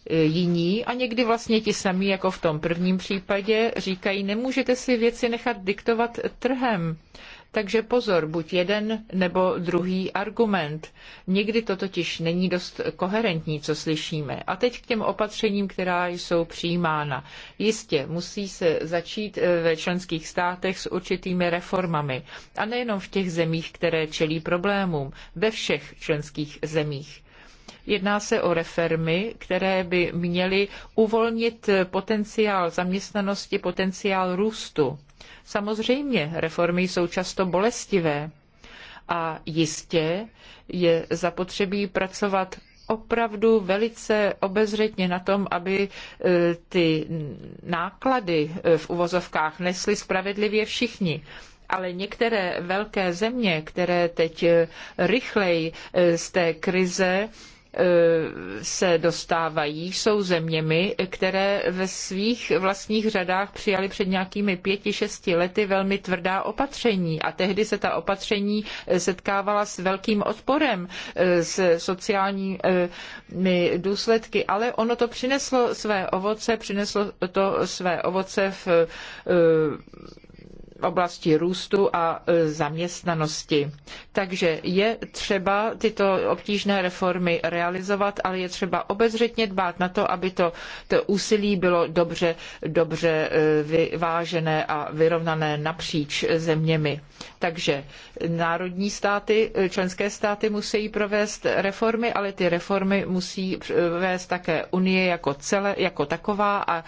e, jiní a někdy vlastně ti samí, jako v tom prvním případě, říkají, nemůžete si věci nechat diktovat trhem. Takže pozor, buď jeden nebo druhý argument. Někdy to totiž není dost koherentní, co slyšíme. A teď k těm opatřením, která jsou přijímána. Jistě, musí se začít eh, ve členských státech s určitými reformami. A nejenom v těch zemích, které čelí problémům, ve všech členských zemích. Jedná se o reformy, které by měly uvolnit eh, potenciál zaměstnanosti, potenciál růstu. Samozřejmě, reformy jsou často bolestivé a jistě je zapotřebí pracovat opravdu velice obezřetně na tom, aby e, ty náklady e, v uvozovkách nesli spravedlivě všichni ale některé velké země, které teď e, rychleji z té krize se dostávají, jsou zeměmi, které ve svých vlastních řadách přijali před nějakými pěti, šesti lety velmi tvrdá opatření. A tehdy se ta opatření eh, setkávala s velkým odporem, eh, s sociálními důsledky, ale ono to přineslo své ovoce, přineslo to své ovoce v eh, oblasti růstu a e, zaměstnanosti. Takže je třeba tyto obtížné reformy realizovat, ale je třeba obezřetně dbát na to, aby to, to úsilí bylo dobře, dobře e, vyvážené a vyrovnané napříč zeměmi. Takže národní státy, e, členské státy musí provést reformy, ale ty reformy musí vést také Unie jako, celé, jako taková a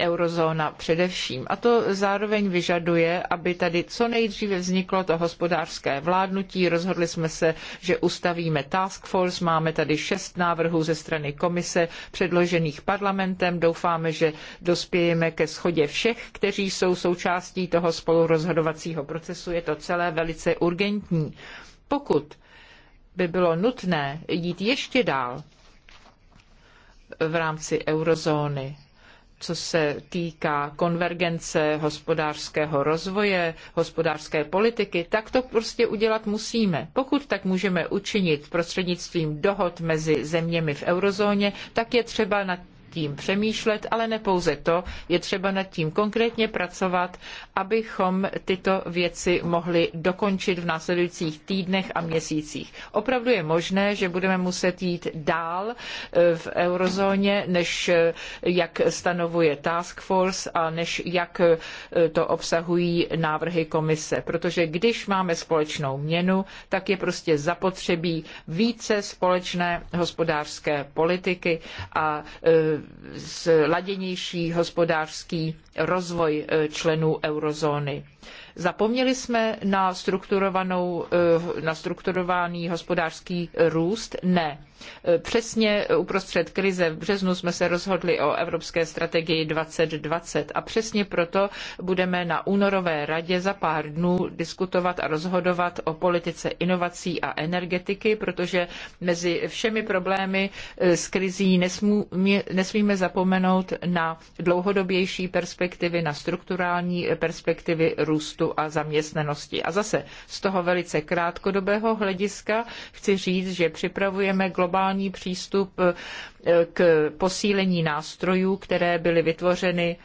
eurozóna především. A to zároveň vyžaduje je, aby tady co nejdříve vzniklo to hospodářské vládnutí. Rozhodli jsme se, že ustavíme task force. Máme tady šest návrhů ze strany komise předložených parlamentem. Doufáme, že dospějeme ke schodě všech, kteří jsou součástí toho spolurozhodovacího procesu. Je to celé velice urgentní. Pokud by bylo nutné jít ještě dál v rámci eurozóny, co se týká konvergence hospodářského rozvoje, hospodářské politiky, tak to prostě udělat musíme. Pokud tak můžeme učinit prostřednictvím dohod mezi zeměmi v eurozóně, tak je třeba na tím přemýšlet, ale ne pouze to, je třeba nad tím konkrétně pracovat, abychom tyto věci mohli dokončit v následujících týdnech a měsících. Opravdu je možné, že budeme muset jít dál eh, v eurozóně, než eh, jak stanovuje Task Force a než jak eh, to obsahují návrhy komise. Protože když máme společnou měnu, tak je prostě zapotřebí více společné hospodářské politiky a sladěnější hospodářský rozvoj eh, členů eurozóny. Zapomněli jsme na, strukturovanou, eh, na strukturovaný hospodářský růst? Ne. Přesně uprostřed krize v březnu jsme se rozhodli o Evropské strategii 2020 a přesně proto budeme na únorové radě za pár dnů diskutovat a rozhodovat o politice inovací a energetiky, protože mezi všemi problémy eh, s krizí nesmů, nesmíme zapomenout na dlouhodobější perspektivy, na strukturální perspektivy růstu a zaměstnanosti. A zase z toho velice krátkodobého hlediska chci říct, že připravujeme globální globální přístup eh, k posílení nástrojů, které byly vytvořeny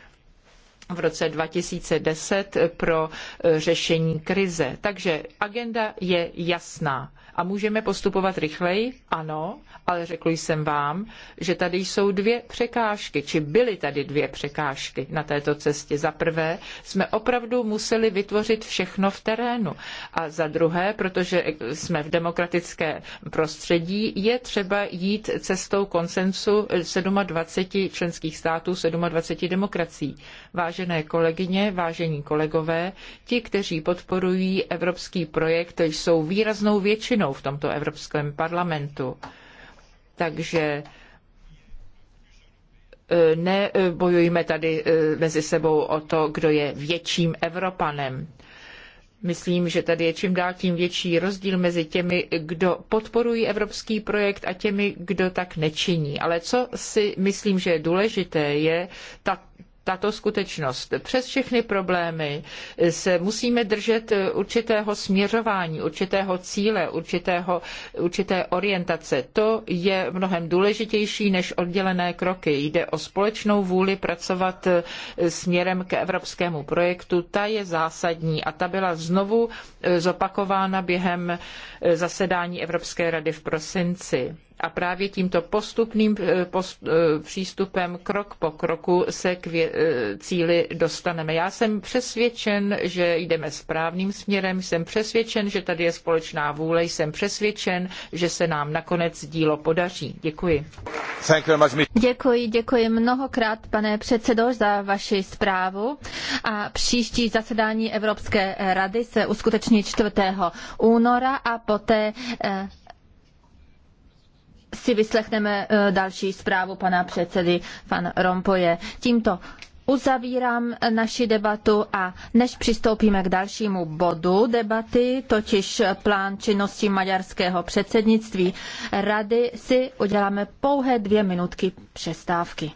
v roce 2010 pro eh, řešení krize. Takže agenda je jasná. A můžeme postupovat rychleji? Ano, ale řekl jsem vám, že tady jsou dvě překážky, či byly tady dvě překážky na této cestě. Za prvé, jsme opravdu museli vytvořit všechno v terénu. A za druhé, protože jsme v demokratické prostředí, je třeba jít cestou konsensu 27 členských států, 27 demokracií. Vážené kolegyně, vážení kolegové, ti, kteří podporují evropský projekt, jsou výraznou většinou většinou v tomto Evropském parlamentu. Takže e, nebojujme tady e, mezi sebou o to, kdo je větším Evropanem. Myslím, že tady je čím dál tím větší rozdíl mezi těmi, kdo podporují evropský projekt a těmi, kdo tak nečiní. Ale co si myslím, že je důležité, je ta tato skutečnost. Přes všechny problémy se musíme držet určitého směřování, určitého cíle, určitého, určité orientace. To je mnohem důležitější než oddělené kroky. Jde o společnou vůli pracovat směrem k evropskému projektu. Ta je zásadní a ta byla znovu zopakována během zasedání Evropské rady v prosinci. A právě tímto postupným eh, post, eh, přístupem krok po kroku se k vě, eh, cíli dostaneme. Já jsem přesvědčen, že jdeme správným směrem, jsem přesvědčen, že tady je společná vůle, jsem přesvědčen, že se nám nakonec dílo podaří. Děkuji. Děkuji, děkuji mnohokrát, pane předsedo, za vaši zprávu. A příští zasedání Evropské rady se uskuteční 4. února a poté si vyslechneme e, další zprávu pana předsedy pan Rompoje. Tímto uzavírám e, naši debatu a než přistoupíme k dalšímu bodu debaty, totiž plán činnosti maďarského předsednictví rady, si uděláme pouhé dvě minutky přestávky.